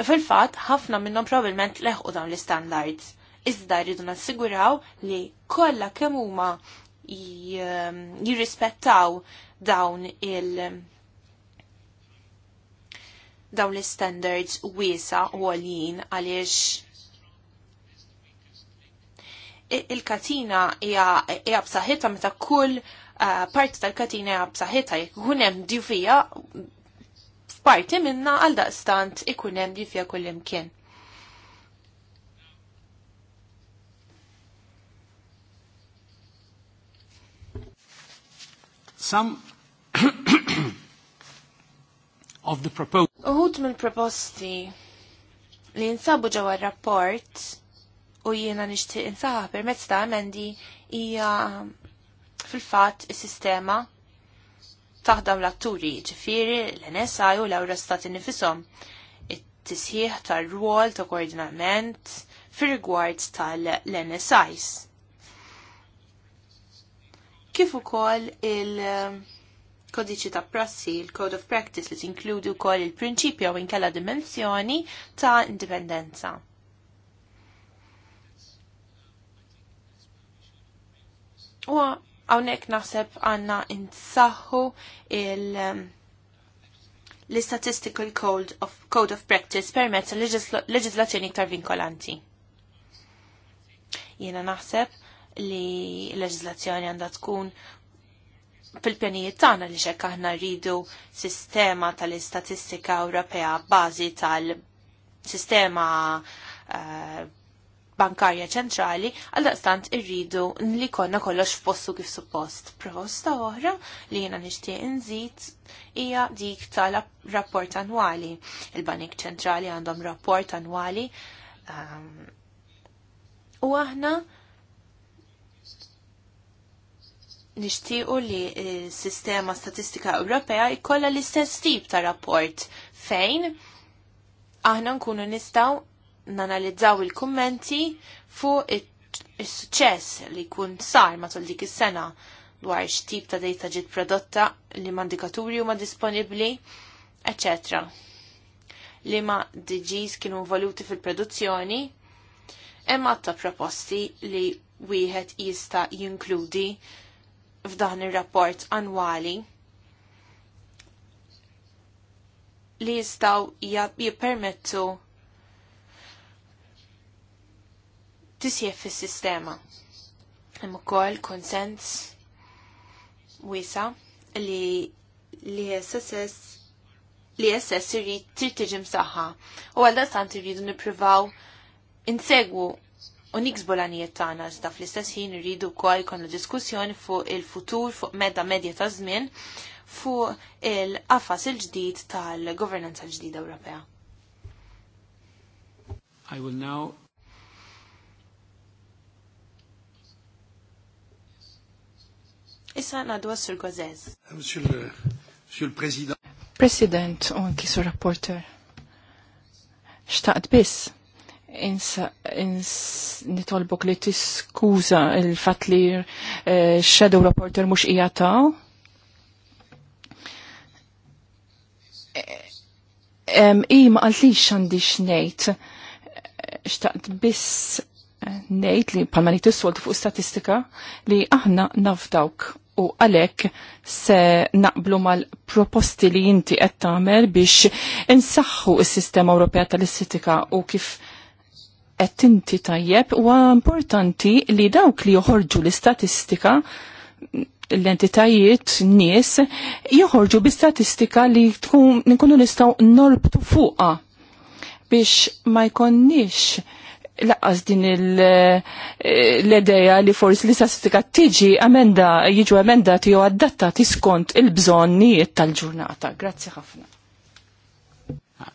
fil-fatt ħafna minnhom probabbilment leħqu dawn l-standards. Iżda jridu nassiguraw li kollha kemm huma eh, jirrispettaw dawn il- dawn l-standards wiesa u għalin għaliex il-katina hija b'saħħitha meta kull uh, parti tal-katina hija b'saħħitha jkun ikun hemm djufija f'parti minna għal daqstant ikun hemm djufija kull imkien. Some of the proposal. Uħut mill-proposti li nsabu ġewwa rapport u jiena nixtieq insaħħa permezz ta' emendi hija fil-fatt is-sistema taħdem l-atturi ġifiri, l nsi u l-Eurostat nifisom it-tisħiħ tar-rwol ta' koordinament fir-rigward tal-NSIs. Kif ukoll il- kodiċi ta' prassi, il-code of practice li tinkludu kol il-prinċipju u inkella dimensjoni ta' indipendenza. U għawnek naħseb għanna insaħħu il- um, l-Statistical Code of, Code of Practice permezz leġislazzjoni iktar vinkolanti. Jiena naħseb li l leġislazzjoni għandha tkun fil-pjanijiet tagħna li xekk aħna rridu sistema tal-istatistika Ewropea bażi tal-sistema eh, bankarja ċentrali, għal daqstant irridu li konna kollox f'postu kif suppost. Proposta oħra li jena nixtieq inżid hija dik tal-rapport annwali. Il-Banik ċentrali għandhom rapport annwali ehm, u aħna nixtiequ li s-sistema statistika Ewropea jkollha l-istess tip ta' rapport fejn aħna nkunu nistgħu nanalizzaw il-kummenti fuq is-suċċess li jkun sar matul dik is-sena dwar x'tip ta' data ġiet prodotta li mandikaturi huma disponibbli, etc. Li ma DGs kienu involuti fil-produzzjoni, hemm ta' proposti li wieħed jista' jinkludi f'dan ir-rapport annwali li jistaw jippermettu tisjef fis-sistema. Hemm ukoll konsens wiesa li li SSS li SS irrid trid tiġi msaħħa u għal dastant irridu nippruvaw insegwu u niksbu l-għanijiet tagħna iżda fl-istess ħin irridu wkoll jkollna diskussjoni fuq il-futur fuq medda medja ta' żmien fuq il-qafas il-ġdid tal-governanza l-ġdida Ewropea. I will now Issa għadu għassur Gozez. Monsieur President. President, u anki sur rapporter. Xtaqt biss nitolbok li tiskuza il-fat li eh, shadow reporter mux ijata. Eh, I ma għalix xnejt, xtaqt biss eh, nejt li palma li tissolt fuq statistika li aħna nafdawk u għalek se naqblu mal-proposti li jinti qed tagħmel biex insaħħu s-sistema Ewropea tal-istitika u kif qed tajjeb huwa importanti li dawk li joħorġu l-istatistika l-entitajiet nies joħorġu bi statistika li tkun nkunu nistgħu norbtu fuqha biex ma jkonniex laqqas din eh, l-ideja li forsi l-istatistika tiġi amenda, jiġu emendati jew adattati skont il-bżonnijiet tal-ġurnata. Grazzi ħafna.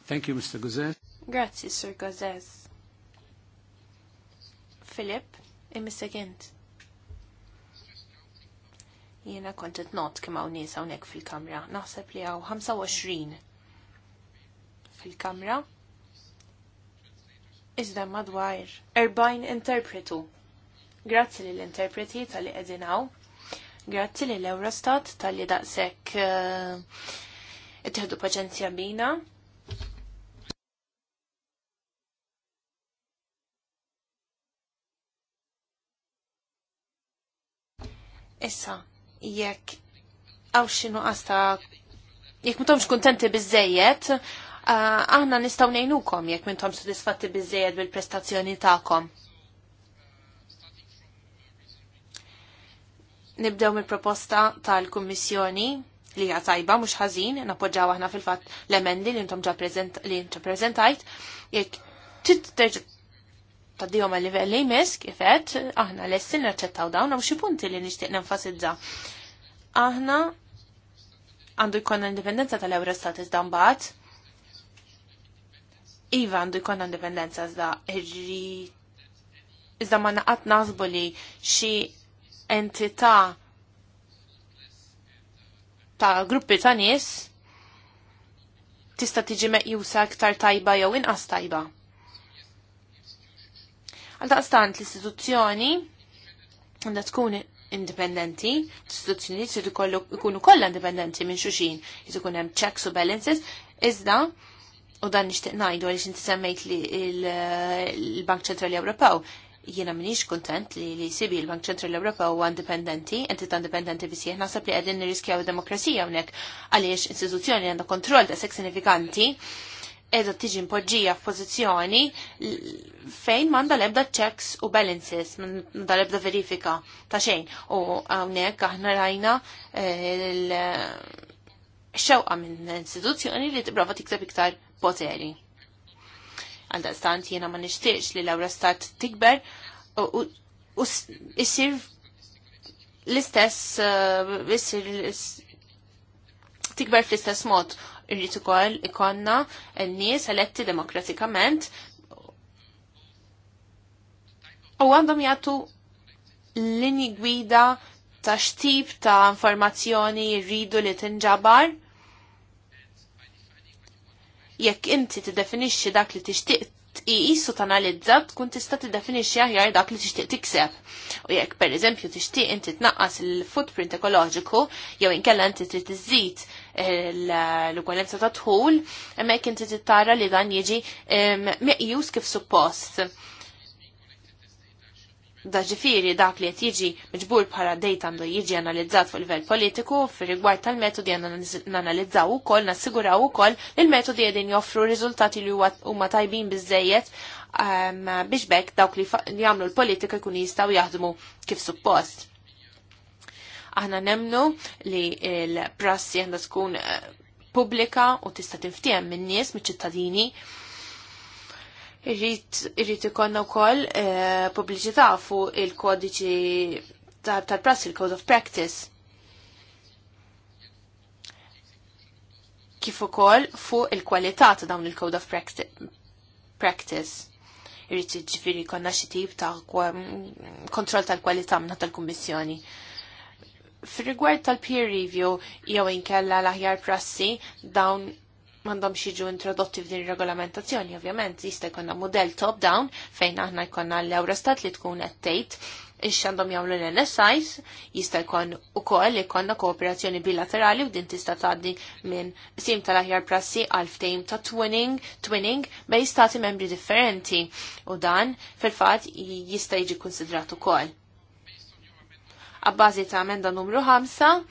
Thank you, Mr. Gozes. Grazzi, Sir Gozes. Filip, segint Jiena kont not kima hawn nies hawnhekk fil-kamra. Naħseb li hawn 25 fil-kamra. Iżda madwar 40 interpretu. Grazzi lill interpreti tal-li qegħdin hawn. Grazzi lill Eurostat tal-li daqshekk uh, paċenzja bina. Issa, jekk għaw xinu għasta, jekk mutom kontenti bizzejiet, uh, aħna nistaw nejnukom jekk mintom sodisfatti bizzejiet bil-prestazzjoni ta'kom. Nibdew mill-proposta tal-Kummissjoni li hija tajba mhux ħażin, napoġġaw aħna fil-fatt l-emendi li intom ġa li intom preżentajt, jekk taddihom għal livell li jmiss kif aħna aħna essin naċċettaw dawn hemm xi punti li nixtieq nenfasizza. Aħna għandu jkollna indipendenza tal-Eurostat iżda mbagħad. Iva għandu jkollna indipendenza iżda irri zda ma naqat nazbu li xi entità ta' gruppi ta' nies tista' tiġi meqjusa aktar tajba jew inqas tajba. Għaldaqstant l-istituzzjoni għanda tkun indipendenti, l-istituzzjoni jrid ikunu kollha indipendenti minn xuxin. jrid ikun hemm checks u balances, iżda u dan nixtieq ngħidu għaliex inti semmejt li l-Bank Ċentrali Ewropew jiena minix kontent li li sibi l-Bank Ċentrali Ewropew huwa indipendenti, entità indipendenti bisieħ naħseb li qegħdin nirriskjaw id-demokrazija hawnhekk għaliex istituzzjoni għandha kontroll ta' sek sinifikanti edha tiġi f f'pożizzjoni fejn m'għandha l-ebda checks u balances, m'għandha l-ebda verifika ta' xejn. U hawnhekk aħna rajna eh, l-xewqa minn istituzzjoni li tipprova tikseb iktar poteri. stant jiena ma nixtiex li l stat tikber u issir l-istess, eh, issir tikber fl-istess mod irrid ukoll ikonna n-nies eletti demokratikament u għandhom jagħtu linji gwida ta' xtib ta' informazzjoni rridu li tinġabar jekk inti tiddefinixxi dak li tixtieq tqisu u tanalizza tkun tista' tiddefinixxi aħjar dak li tixtieq tikseb. U jekk pereżempju tixtieq inti tnaqqas il-footprint ekoloġiku jew inkella inti trid iżid l-ugwalenza ta' tħul, hemmhekk inti tittara li dan jiġi meqjus kif suppost. Da ġifiri dak li qed jiġi miġbur bħala dejt għandu jiġi analizzat fuq livell politiku fir rigward tal-metodi nanalizzaw ukoll, nassiguraw ukoll li il metodi qegħdin joffru riżultati li huma tajbin bizzejiet biex bekk dawk li jagħmlu l-politika jkun jistgħu jaħdmu kif suppost Aħna nemnu li l-prassi għandha tkun eh, pubblika u tista' tinftiem min-nies miċ-ċittadini. ikonna u wkoll eh, pubbliċità fuq il-kodiċi tal-prassi, il-code of practice. kif ukoll fuq il-kwalità ta' dawn il-code of practice. Irrit jiġifieri konna xi ta' kontroll tal-kwalità minna tal-Kummissjoni. Fir-rigward tal-peer review jew inkella l-aħjar prassi dawn mandom xieġu introdotti f'din regolamentazzjoni, ovvjament, jista' jkonna model top-down fejn aħna jkollna l-Eurostat li tkun qed tgħid ix għandhom jagħmlu l-NSIs, jista' jkun ukoll jkollna kooperazzjoni bilaterali u din tista' tgħaddi minn sim tal-aħjar prassi għal ftehim ta' twinning, twinning bej stati membri differenti u dan fil-fatt jista' jiġi konsidrat ukoll għabbażi ta' emenda numru 5,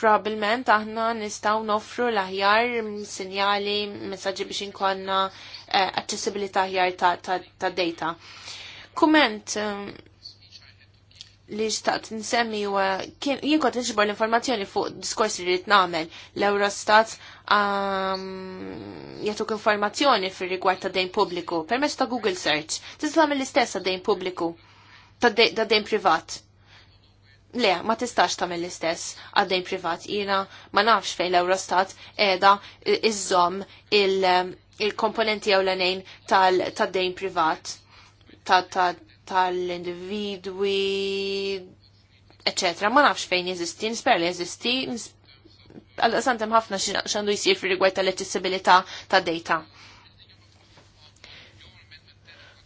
probabbilment aħna nistaw nofru l-aħjar sinjali, messagġi biex inkonna eh, accessibilità aħjar ta', ta, ta data. Kument eh, li xtaqt nsemmi u jien kont nixbor l-informazzjoni fuq diskors li rrit namel l-Eurostat jatuk informazzjoni fir rigward ta' dejn pubbliku permezz ta' Google Search. tagħmel l istess ta' dejn pubbliku ta' dejn privat Le, ma tistax tagħmel l-istess għaddej privat jiena ma nafx fejn l-Eurostat qiegħda iżżomm um, il-komponenti ewlenin tal-dejn privat tal-individwi, etc. Ma nafx fejn jeżisti, nisper li jeżisti, għal għasantem ħafna xandu jisir fil rigward tal eċessibilita ta' data.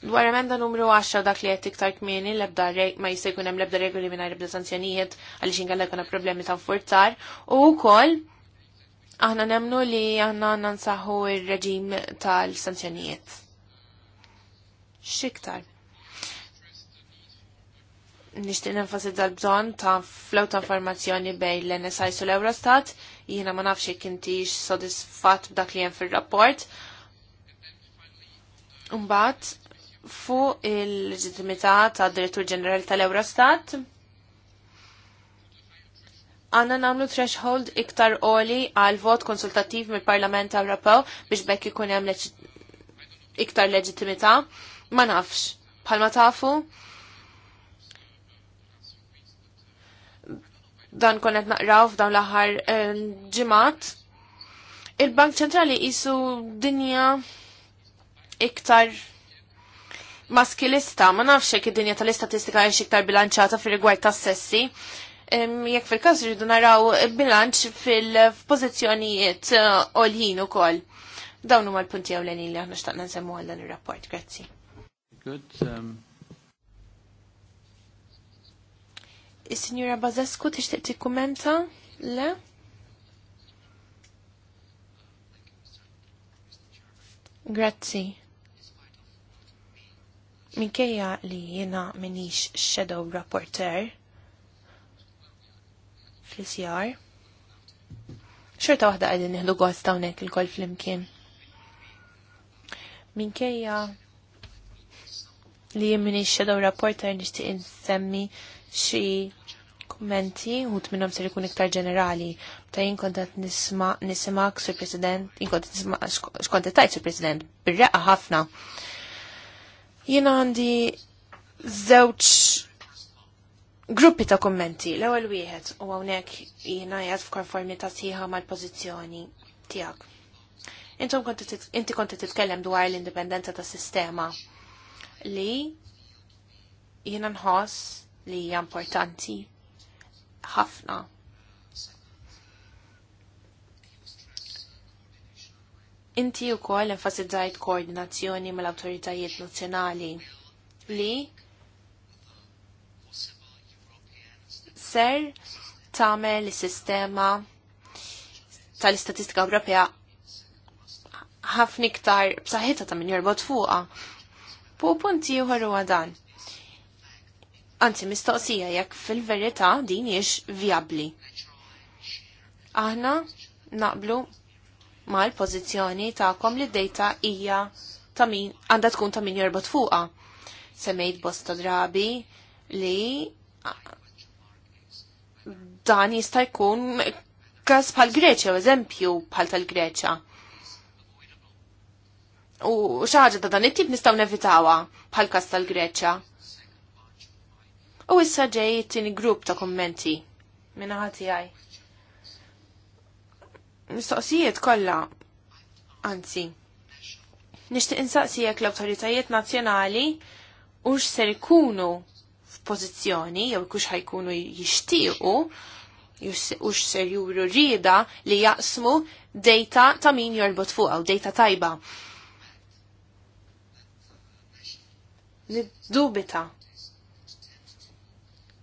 Dwar emenda numru 10 dak li qed iktar kmieni l-ebda ma jista' jkun hemm l-ebda regoli mingħajr ebda sanzjonijiet għaliex inkella jkun problemi ta' forzar u wkoll aħna nemnu li aħna għandna nsaħħu ir-reġim tal-sanzjonijiet. Xiktar. Nixtieq nenfasizza l-bżonn ta' flow ta' informazzjoni bejn l-NSI u l-Eurostat, jiena ma nafx jekk intix sodisfatt b'dak li hemm fir-rapport. Mbagħad fuq il-leġitimità ta' Direttur Ġenerali tal-Eurostat. Għanna namlu threshold iktar oli għal vot konsultativ mill-Parlament Ewropew biex bekk ikun hemm iktar leġitimità. Ma nafx, bħalma tafu, dan konet naqraw f'dawn l-aħħar eh, ġimat. Il-Bank Ċentrali jisu dinja iktar maskilista, ma nafx jekk id-dinja tal-istatistika hija iktar bilanċata fir-rigward tas-sessi. Jekk fil-każ rridu naraw bilanċ fil-pożizzjonijiet eh, għoljin ukoll. Dawn huma l-punti ewlenin li aħna xtaqna nsemmu għal dan ir-rapport. Grazzi. Good. Um... Is-Sinjura Bazesku tixtieq tikkumenta? Le? Grazzi minkejja li jiena minix shadow rapporter fl cr xorta waħda għadin nħlu għaz hawnhekk il-kol fl-imkien. Minkejja li jien shadow rapporter nixtieq insemmi xi kummenti u minnhom ser ikun iktar ġenerali. Ta' jien kontat nisma' nisimak sur President, jien kontat nisma' xkontat tajt sur President, bir-reqqa ħafna Jina għandi zewċ gruppi ta' kommenti. L-ewel wieħed u għawnek jina jgħad f'konformità ma' mal-pozizjoni tijak. Intom inti konti titkellem dwar l-indipendenza ta' sistema li jina nħoss li hija importanti ħafna Inti u kol enfasizzajt koordinazzjoni mal awtoritajiet nazzjonali li ser tamel sistema tal-istatistika Ewropea ħafna iktar b'saħħitha ta' min jorbot fuqha. Pu punti ieħor huwa dan. Anzi mistoqsija jekk fil-verità din hiex viabbli. Aħna naqblu mal-pożizzjoni tagħkom li d-dejta hija ta' min għandha tkun ta' min jorbot fuqha. Semmejt bosta drabi li dan jista' jkun każ bħal Greċja, eżempju bħal tal-Greċja. U ħaġa ta' dan it-tip nistaw nevitawa bħal kas tal-Greċa. U issa ġejt in grupp ta' kommenti minna ħati għaj mistoqsijiet kollha anzi. Nixtieq insaqsijek l-awtoritajiet nazzjonali u ser ikunu f'pożizzjoni jew kux ħajkunu jixtiequ u ser juru rieda li jaqsmu data ta' min jorbot fuqha u data tajba. Niddubita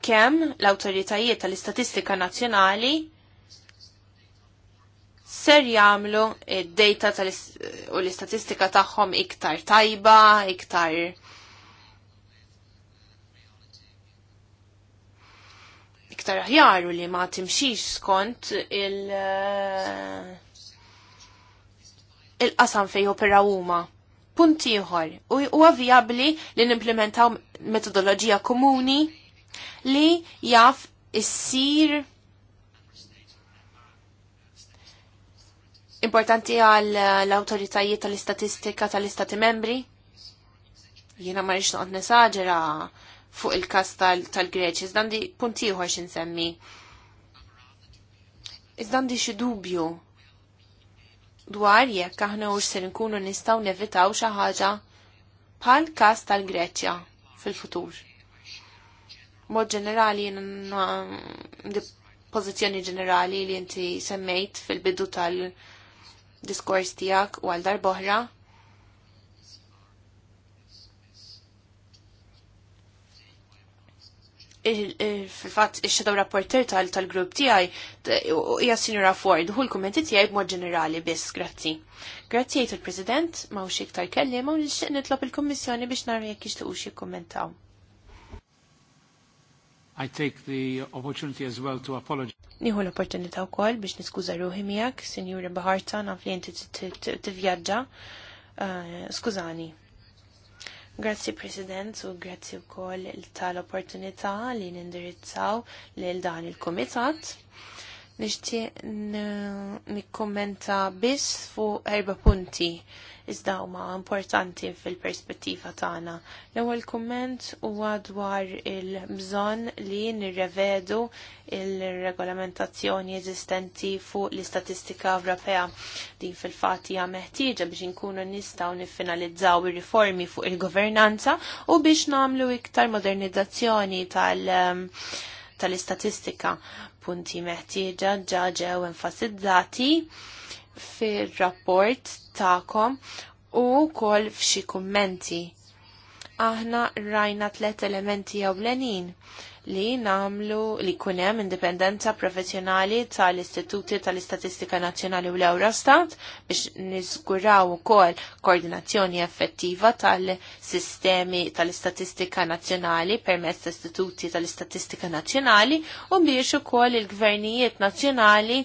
kemm l-awtoritajiet tal-istatistika nazzjonali ser jagħmlu id-data u l-istatistika tagħhom iktar tajba, iktar iktar ħjaru li ma timxix skont il- eh, il-qasam fej opera huma. Punt ieħor, huwa vijabbli li nimplementaw metodoloġija komuni li jaf issir importanti għal l-autoritajiet tal-istatistika tal-istati membri. Jiena ma rix nesaġera fuq il-kas tal-Greċi, iżda għandi punt ieħor x'insemmi. Iżda għandi xi dubju dwar jekk aħna hux se nkunu nistgħu nevitaw xi ħaġa bħal kas tal-Greċja fil-futur. Mod ġenerali jiena pożizzjoni ġenerali li inti semmejt fil-bidu tal- diskors tijak u għal darboħra. Fil-fat, il-shadow rapporter tal-grupp tijaj, ija Sinjora Ford, u l-kommenti tijaj b'mod ġenerali biss, grazzi. Grazzi jgħid il-President, ma' uxie ktar kelli, ma' nixtieq nitlob il-Kommissjoni biex narri jekk jixtiequ xi kommentaw. I take the opportunity as well to apologize. Nieħu l-opportunità wkoll biex niskuża ruħi miegħek, Sinjura Baharta, naf li t tivvjaġġa. Eh, skużani. Grazzi President u grazzi wkoll tal-opportunità li nindirizzaw lil dan il-Kumitat. Nixtieq nikkommenta biss fuq erba' punti iżda huma importanti fil-perspettiva tagħna. L-ewwel kumment huwa dwar il-bżonn li nirrevedu il-regolamentazzjoni eżistenti fuq l-istatistika Ewropea. Din fil-fatt hija meħtieġa biex inkunu nistgħu niffinalizzaw ir-riformi fuq il-governanza u biex nagħmlu iktar modernizzazzjoni tal- tal-istatistika punti meħtieġa ġa ġew enfasizzati fir-rapport ta'kom u kol f'xi kummenti. Aħna rajna tliet elementi ewlenin li namlu li kunem indipendenza professjonali tal-Istituti tal-Istatistika Nazzjonali u l-Eurostat biex nizguraw ukoll koordinazzjoni effettiva tal-sistemi tal-Istatistika Nazzjonali permezz istituti tal-Istatistika Nazzjonali u biex ukoll il-gvernijiet nazzjonali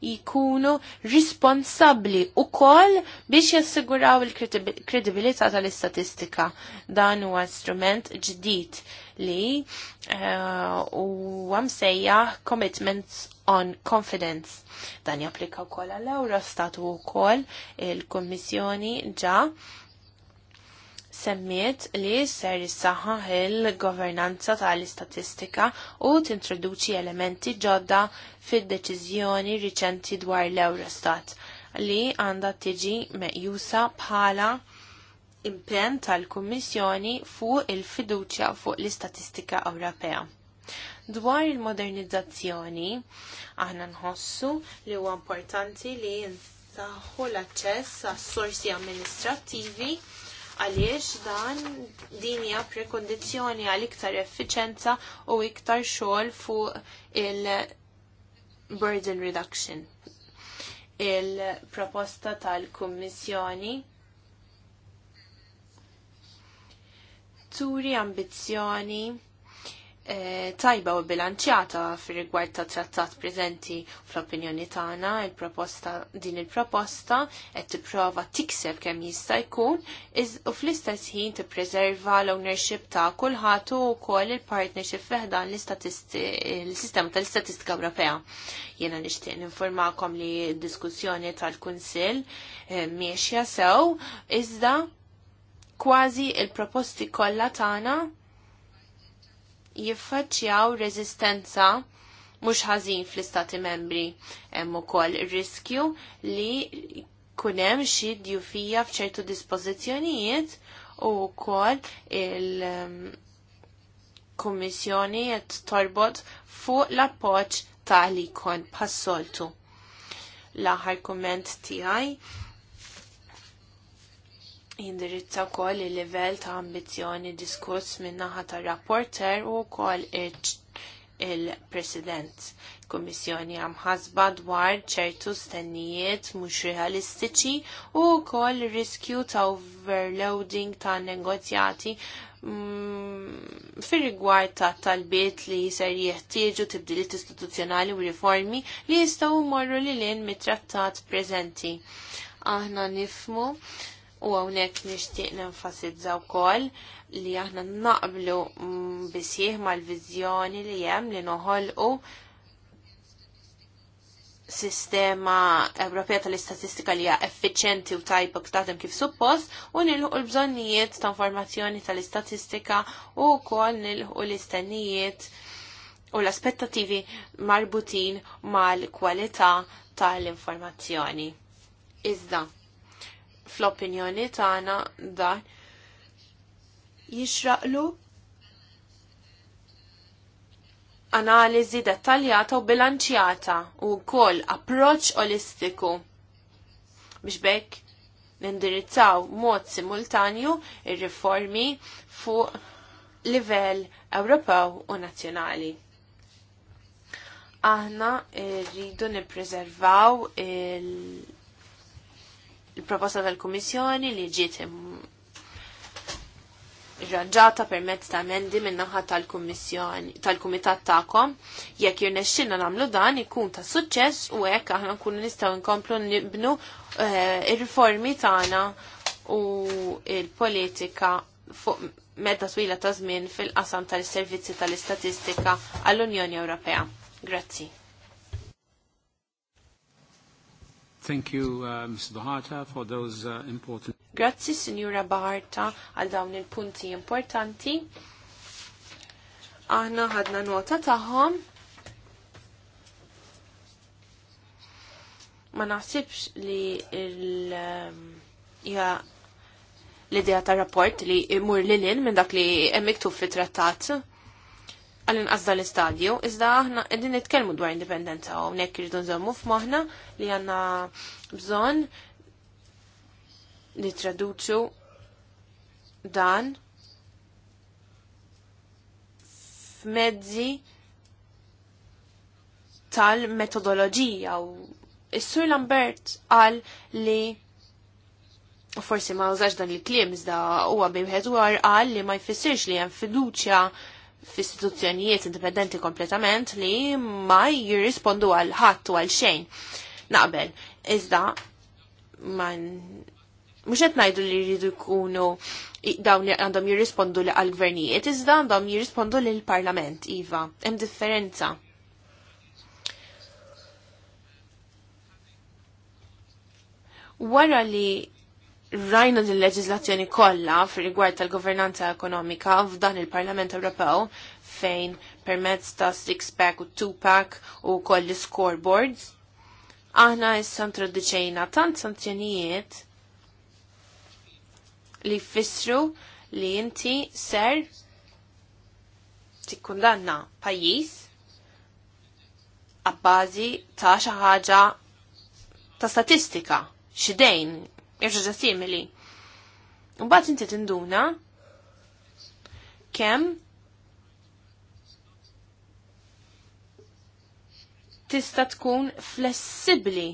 jikunu responsabli u kol biex jassiguraw il-kredibilità tal-istatistika. Dan huwa strument ġdid li huwa eh, msejjaħ Commitments on Confidence. Dan japplika wkoll għal Eurostat u wkoll il-Kummissjoni ġa semmiet li ser jissaha il-governanza tal-istatistika u tintroduċi elementi ġodda fid-deċiżjoni riċenti dwar l-Eurostat li għandha tiġi meqjusa bħala impenn tal-Kummissjoni fuq il-fiduċja fuq l-istatistika Ewropea. Dwar il-modernizzazzjoni, aħna nħossu li huwa importanti li nsaħħu l-aċċess għas sorsi amministrattivi għaliex dan din hija prekondizzjoni għal iktar effiċenza u iktar xogħol fuq il-burden reduction. Il-proposta tal-Kummissjoni turi ambizzjoni eh, tajba u bilanċjata fir rigward ta' trattat preżenti fl-opinjoni tagħna il-proposta din il-proposta qed tipprova tikseb kemm jista' jkun u fl-istess ħin tippreserva l-ownership ta' kulħadd u wkoll il-partnership fiħdan l-sistema tal-istatistika Ewropea. Jiena nixtieq ninformakom li d-diskussjoni tal-Kunsill eh, miexja sew iżda kważi il-proposti kollha tagħna jiffaċċjaw reżistenza mhux ħażin fl-istati membri. Hemm ukoll riskju li kun hemm xi djufija f'ċertu dispożizzjonijiet u wkoll il-Kummissjoni qed torbot fuq l-appoġġ ta' li jkun passoltu. L-aħħar kumment tiegħi jindirizza wkoll il-livell ta' ambizzjoni diskuss min-naħa tar rapporter u wkoll il-President. Kummissjoni hemm ħasba dwar ċertu stennijiet mhux realistiċi u wkoll riskju ta' overloading ta' negozjati mm, fir-rigward ta' talbiet li ser jieħtieġu tibdiliet istituzzjonali u riformi li jistgħu jmorru lil hinn mit-trattat preżenti. Aħna nifmu u għawnek nishtiq nenfasizza u kol li aħna naqblu mm, bisjih mal-vizjoni li jem li noħolqu sistema Ewropea tal-istatistika li hija effiċjenti u tajba ktatem kif suppost u nilħu l-bżonnijiet ta' informazzjoni tal-istatistika u wkoll nilħu l-istennijiet u l-aspettativi marbutin mal-kwalità tal-informazzjoni. Iżda, fl-opinjoni tagħna dan jixraqlu analiżi dettaljata u bilanċjata u wkoll approċċ olistiku biex bekk nindirizzaw mod simultanju ir-riformi fuq livell Ewropew u nazzjonali aħna rridu nippreservaw il il-proposta tal-Kummissjoni li ġiet irranġata permezz ta' emendi min-naħa tal-Kummissjoni tal-Kumitat tagħkom, jekk jirnexxilna nagħmlu dan ikun ta' suċċess u hekk aħna nkunu nistgħu nkomplu nibnu eh, ir-riformi tagħna u l politika fuq medda twila ta' żmien fil-qasam tal-servizzi tal-istatistika għall-Unjoni Ewropea. Grazzi. Thank you, uh, Mr. Bahata, for those uh, important... Grazzi, Signora Baharta, għal dawn il-punti importanti. Aħna ħadna nota taħħom. Ma naħsibx li il- um, ja, l-idea ta' rapport li imur li lin minn dak li miktub fit trattat għal-inqas dal-istadju, iżda aħna qegħdin nitkellmu dwar indipendenza hawnhekk irridu nżommu f'moħħna li għandna bżonn traduċu dan f'mezzi tal-metodoloġija u Is-Sur Lambert qal li forsi ma użax dan il-kliem iżda huwa bejħed war qal li ma jfissirx li hemm fiduċja f'istituzzjonijiet indipendenti kompletament li ma jirrispondu għal ħadd u għal xejn. Naqbel, iżda man, mhux qed ngħidu li jridu jkunu dawn li għandhom jirrispondu li għal gvernijiet, iżda għandhom jirrispondu lil parlament iva. Hemm differenza. Wara li rajna din leġislazzjoni kollha fir-rigward tal-governanza ekonomika f'dan il-Parlament Ewropew fejn permezz ta' six pack u two pack u koll scoreboards. Aħna issa introduċejna tant sanzjonijiet li fissru li inti ser tikkundanna pajjiż għabbażi ta' xi ħaġa ta' statistika xidejn irġaġa simili. Unbat inti tinduna kemm tista' tkun flessibbli.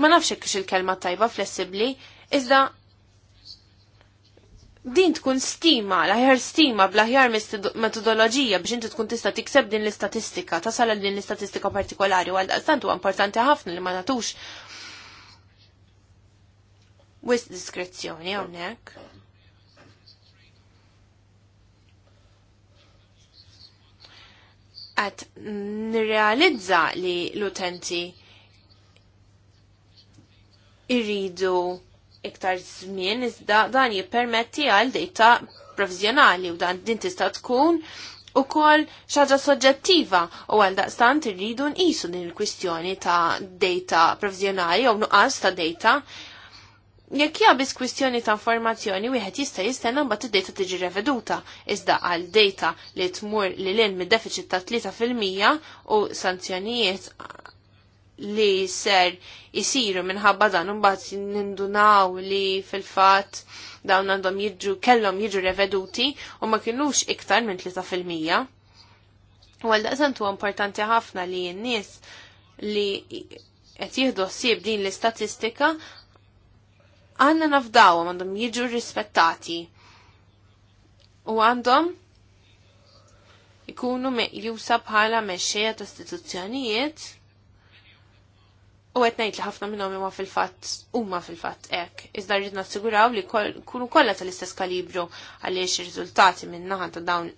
Ma nafx hekk il-kelma tajba flessibbli, iżda din tkun stima, l stima bl-aħjar metodoloġija biex inti tkun tista' tikseb din l-istatistika, tasal din l-istatistika partikolari, għal daqstantu huwa importanti ħafna li ma natux wis diskrezzjoni hawnhekk. Għat nirrealizza li l-utenti irridu iktar żmien iżda dan jippermetti għal dejta provizjonali u dan din tista' tkun ukoll xaġa soġġettiva u għal daqstant irridu nqisu din il-kwistjoni ta' data provizjonali jew nuqqas ta' data Jekk jabis kwistjoni ta' informazzjoni wieħed jista' jistenna mbagħad id-data tiġi reveduta, iżda għal data li tmur li lin mid-deficit ta' 3% u sanzjonijiet li ser jisiru minħabba dan mbagħad nindunaw li fil-fatt dawn għandhom jiġu kellhom jiġu reveduti u ma kinux iktar minn 3%. U għal daqsant huwa importanti ħafna li n-nies li qed jieħdu ssib din l-istatistika għanna nafdaw għandhom jiġu rispettati u għandhom ikunu meqjusa bħala mexxejja ta' istituzzjonijiet u qed ngħid li ħafna minnhom huma fil-fatt huma fil-fatt hekk. Iżda s-siguraw li jkunu kollha tal-istess kalibru għaliex ir-riżultati minnaħan naħa ta' dawn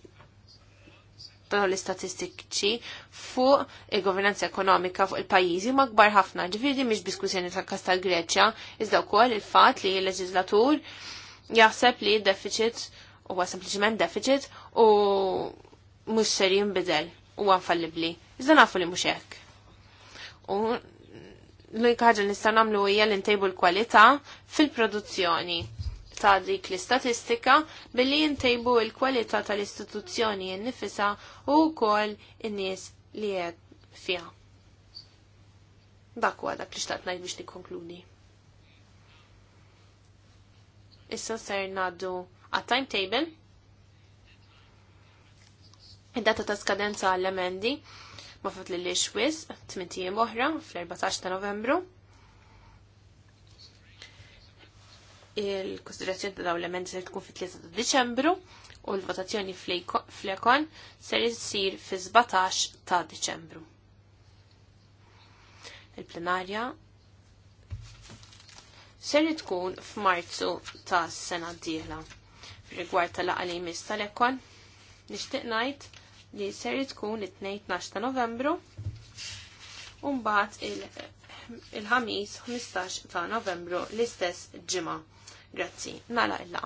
l istatistiċi fuq il-governanza ekonomika fuq il-pajjiżi ma kbar ħafna ġifiri mhix diskussjoni tal-kas tal-Greċja, iżda wkoll il-fatt li l-leġislatur jaħseb li deficit huwa sempliċement deficit u mhux ser jinbidel huwa infallibbli. Iżda nafu li mhux hekk. U l-unika ħaġa li nistgħu nagħmlu hija li ntejbu l-kwalità fil-produzzjoni ta' dik l-istatistika billi jintejbu il-kwalità tal-istituzzjoni jinnifisa u wkoll in-nies li jed fiha. Dak huwa dak li xtaqt ngħid biex nikkonkludi. Issa ser naddu għat-timetable. Id-data ta' skadenza għall-emendi ma fatli li xwis, ixwis 8 oħra, fl-14 ta' novembru. il-konsiderazzjoni ta' dawn l-emendi se tkun fit-3 ta' Diċembru u l-votazzjoni fl-ekon ser issir fi 17 ta' Diċembru. Il-plenarja ser tkun f'Marzu ta' sena d-dieħla. Rigward tal-aqalimis tal-ekon, nixtieq ngħid li ser tkun it-12 ta' Novembru u mbagħad il-ħamis 15 ta' Novembru l-istess ġimgħa Grazzi, mela illa.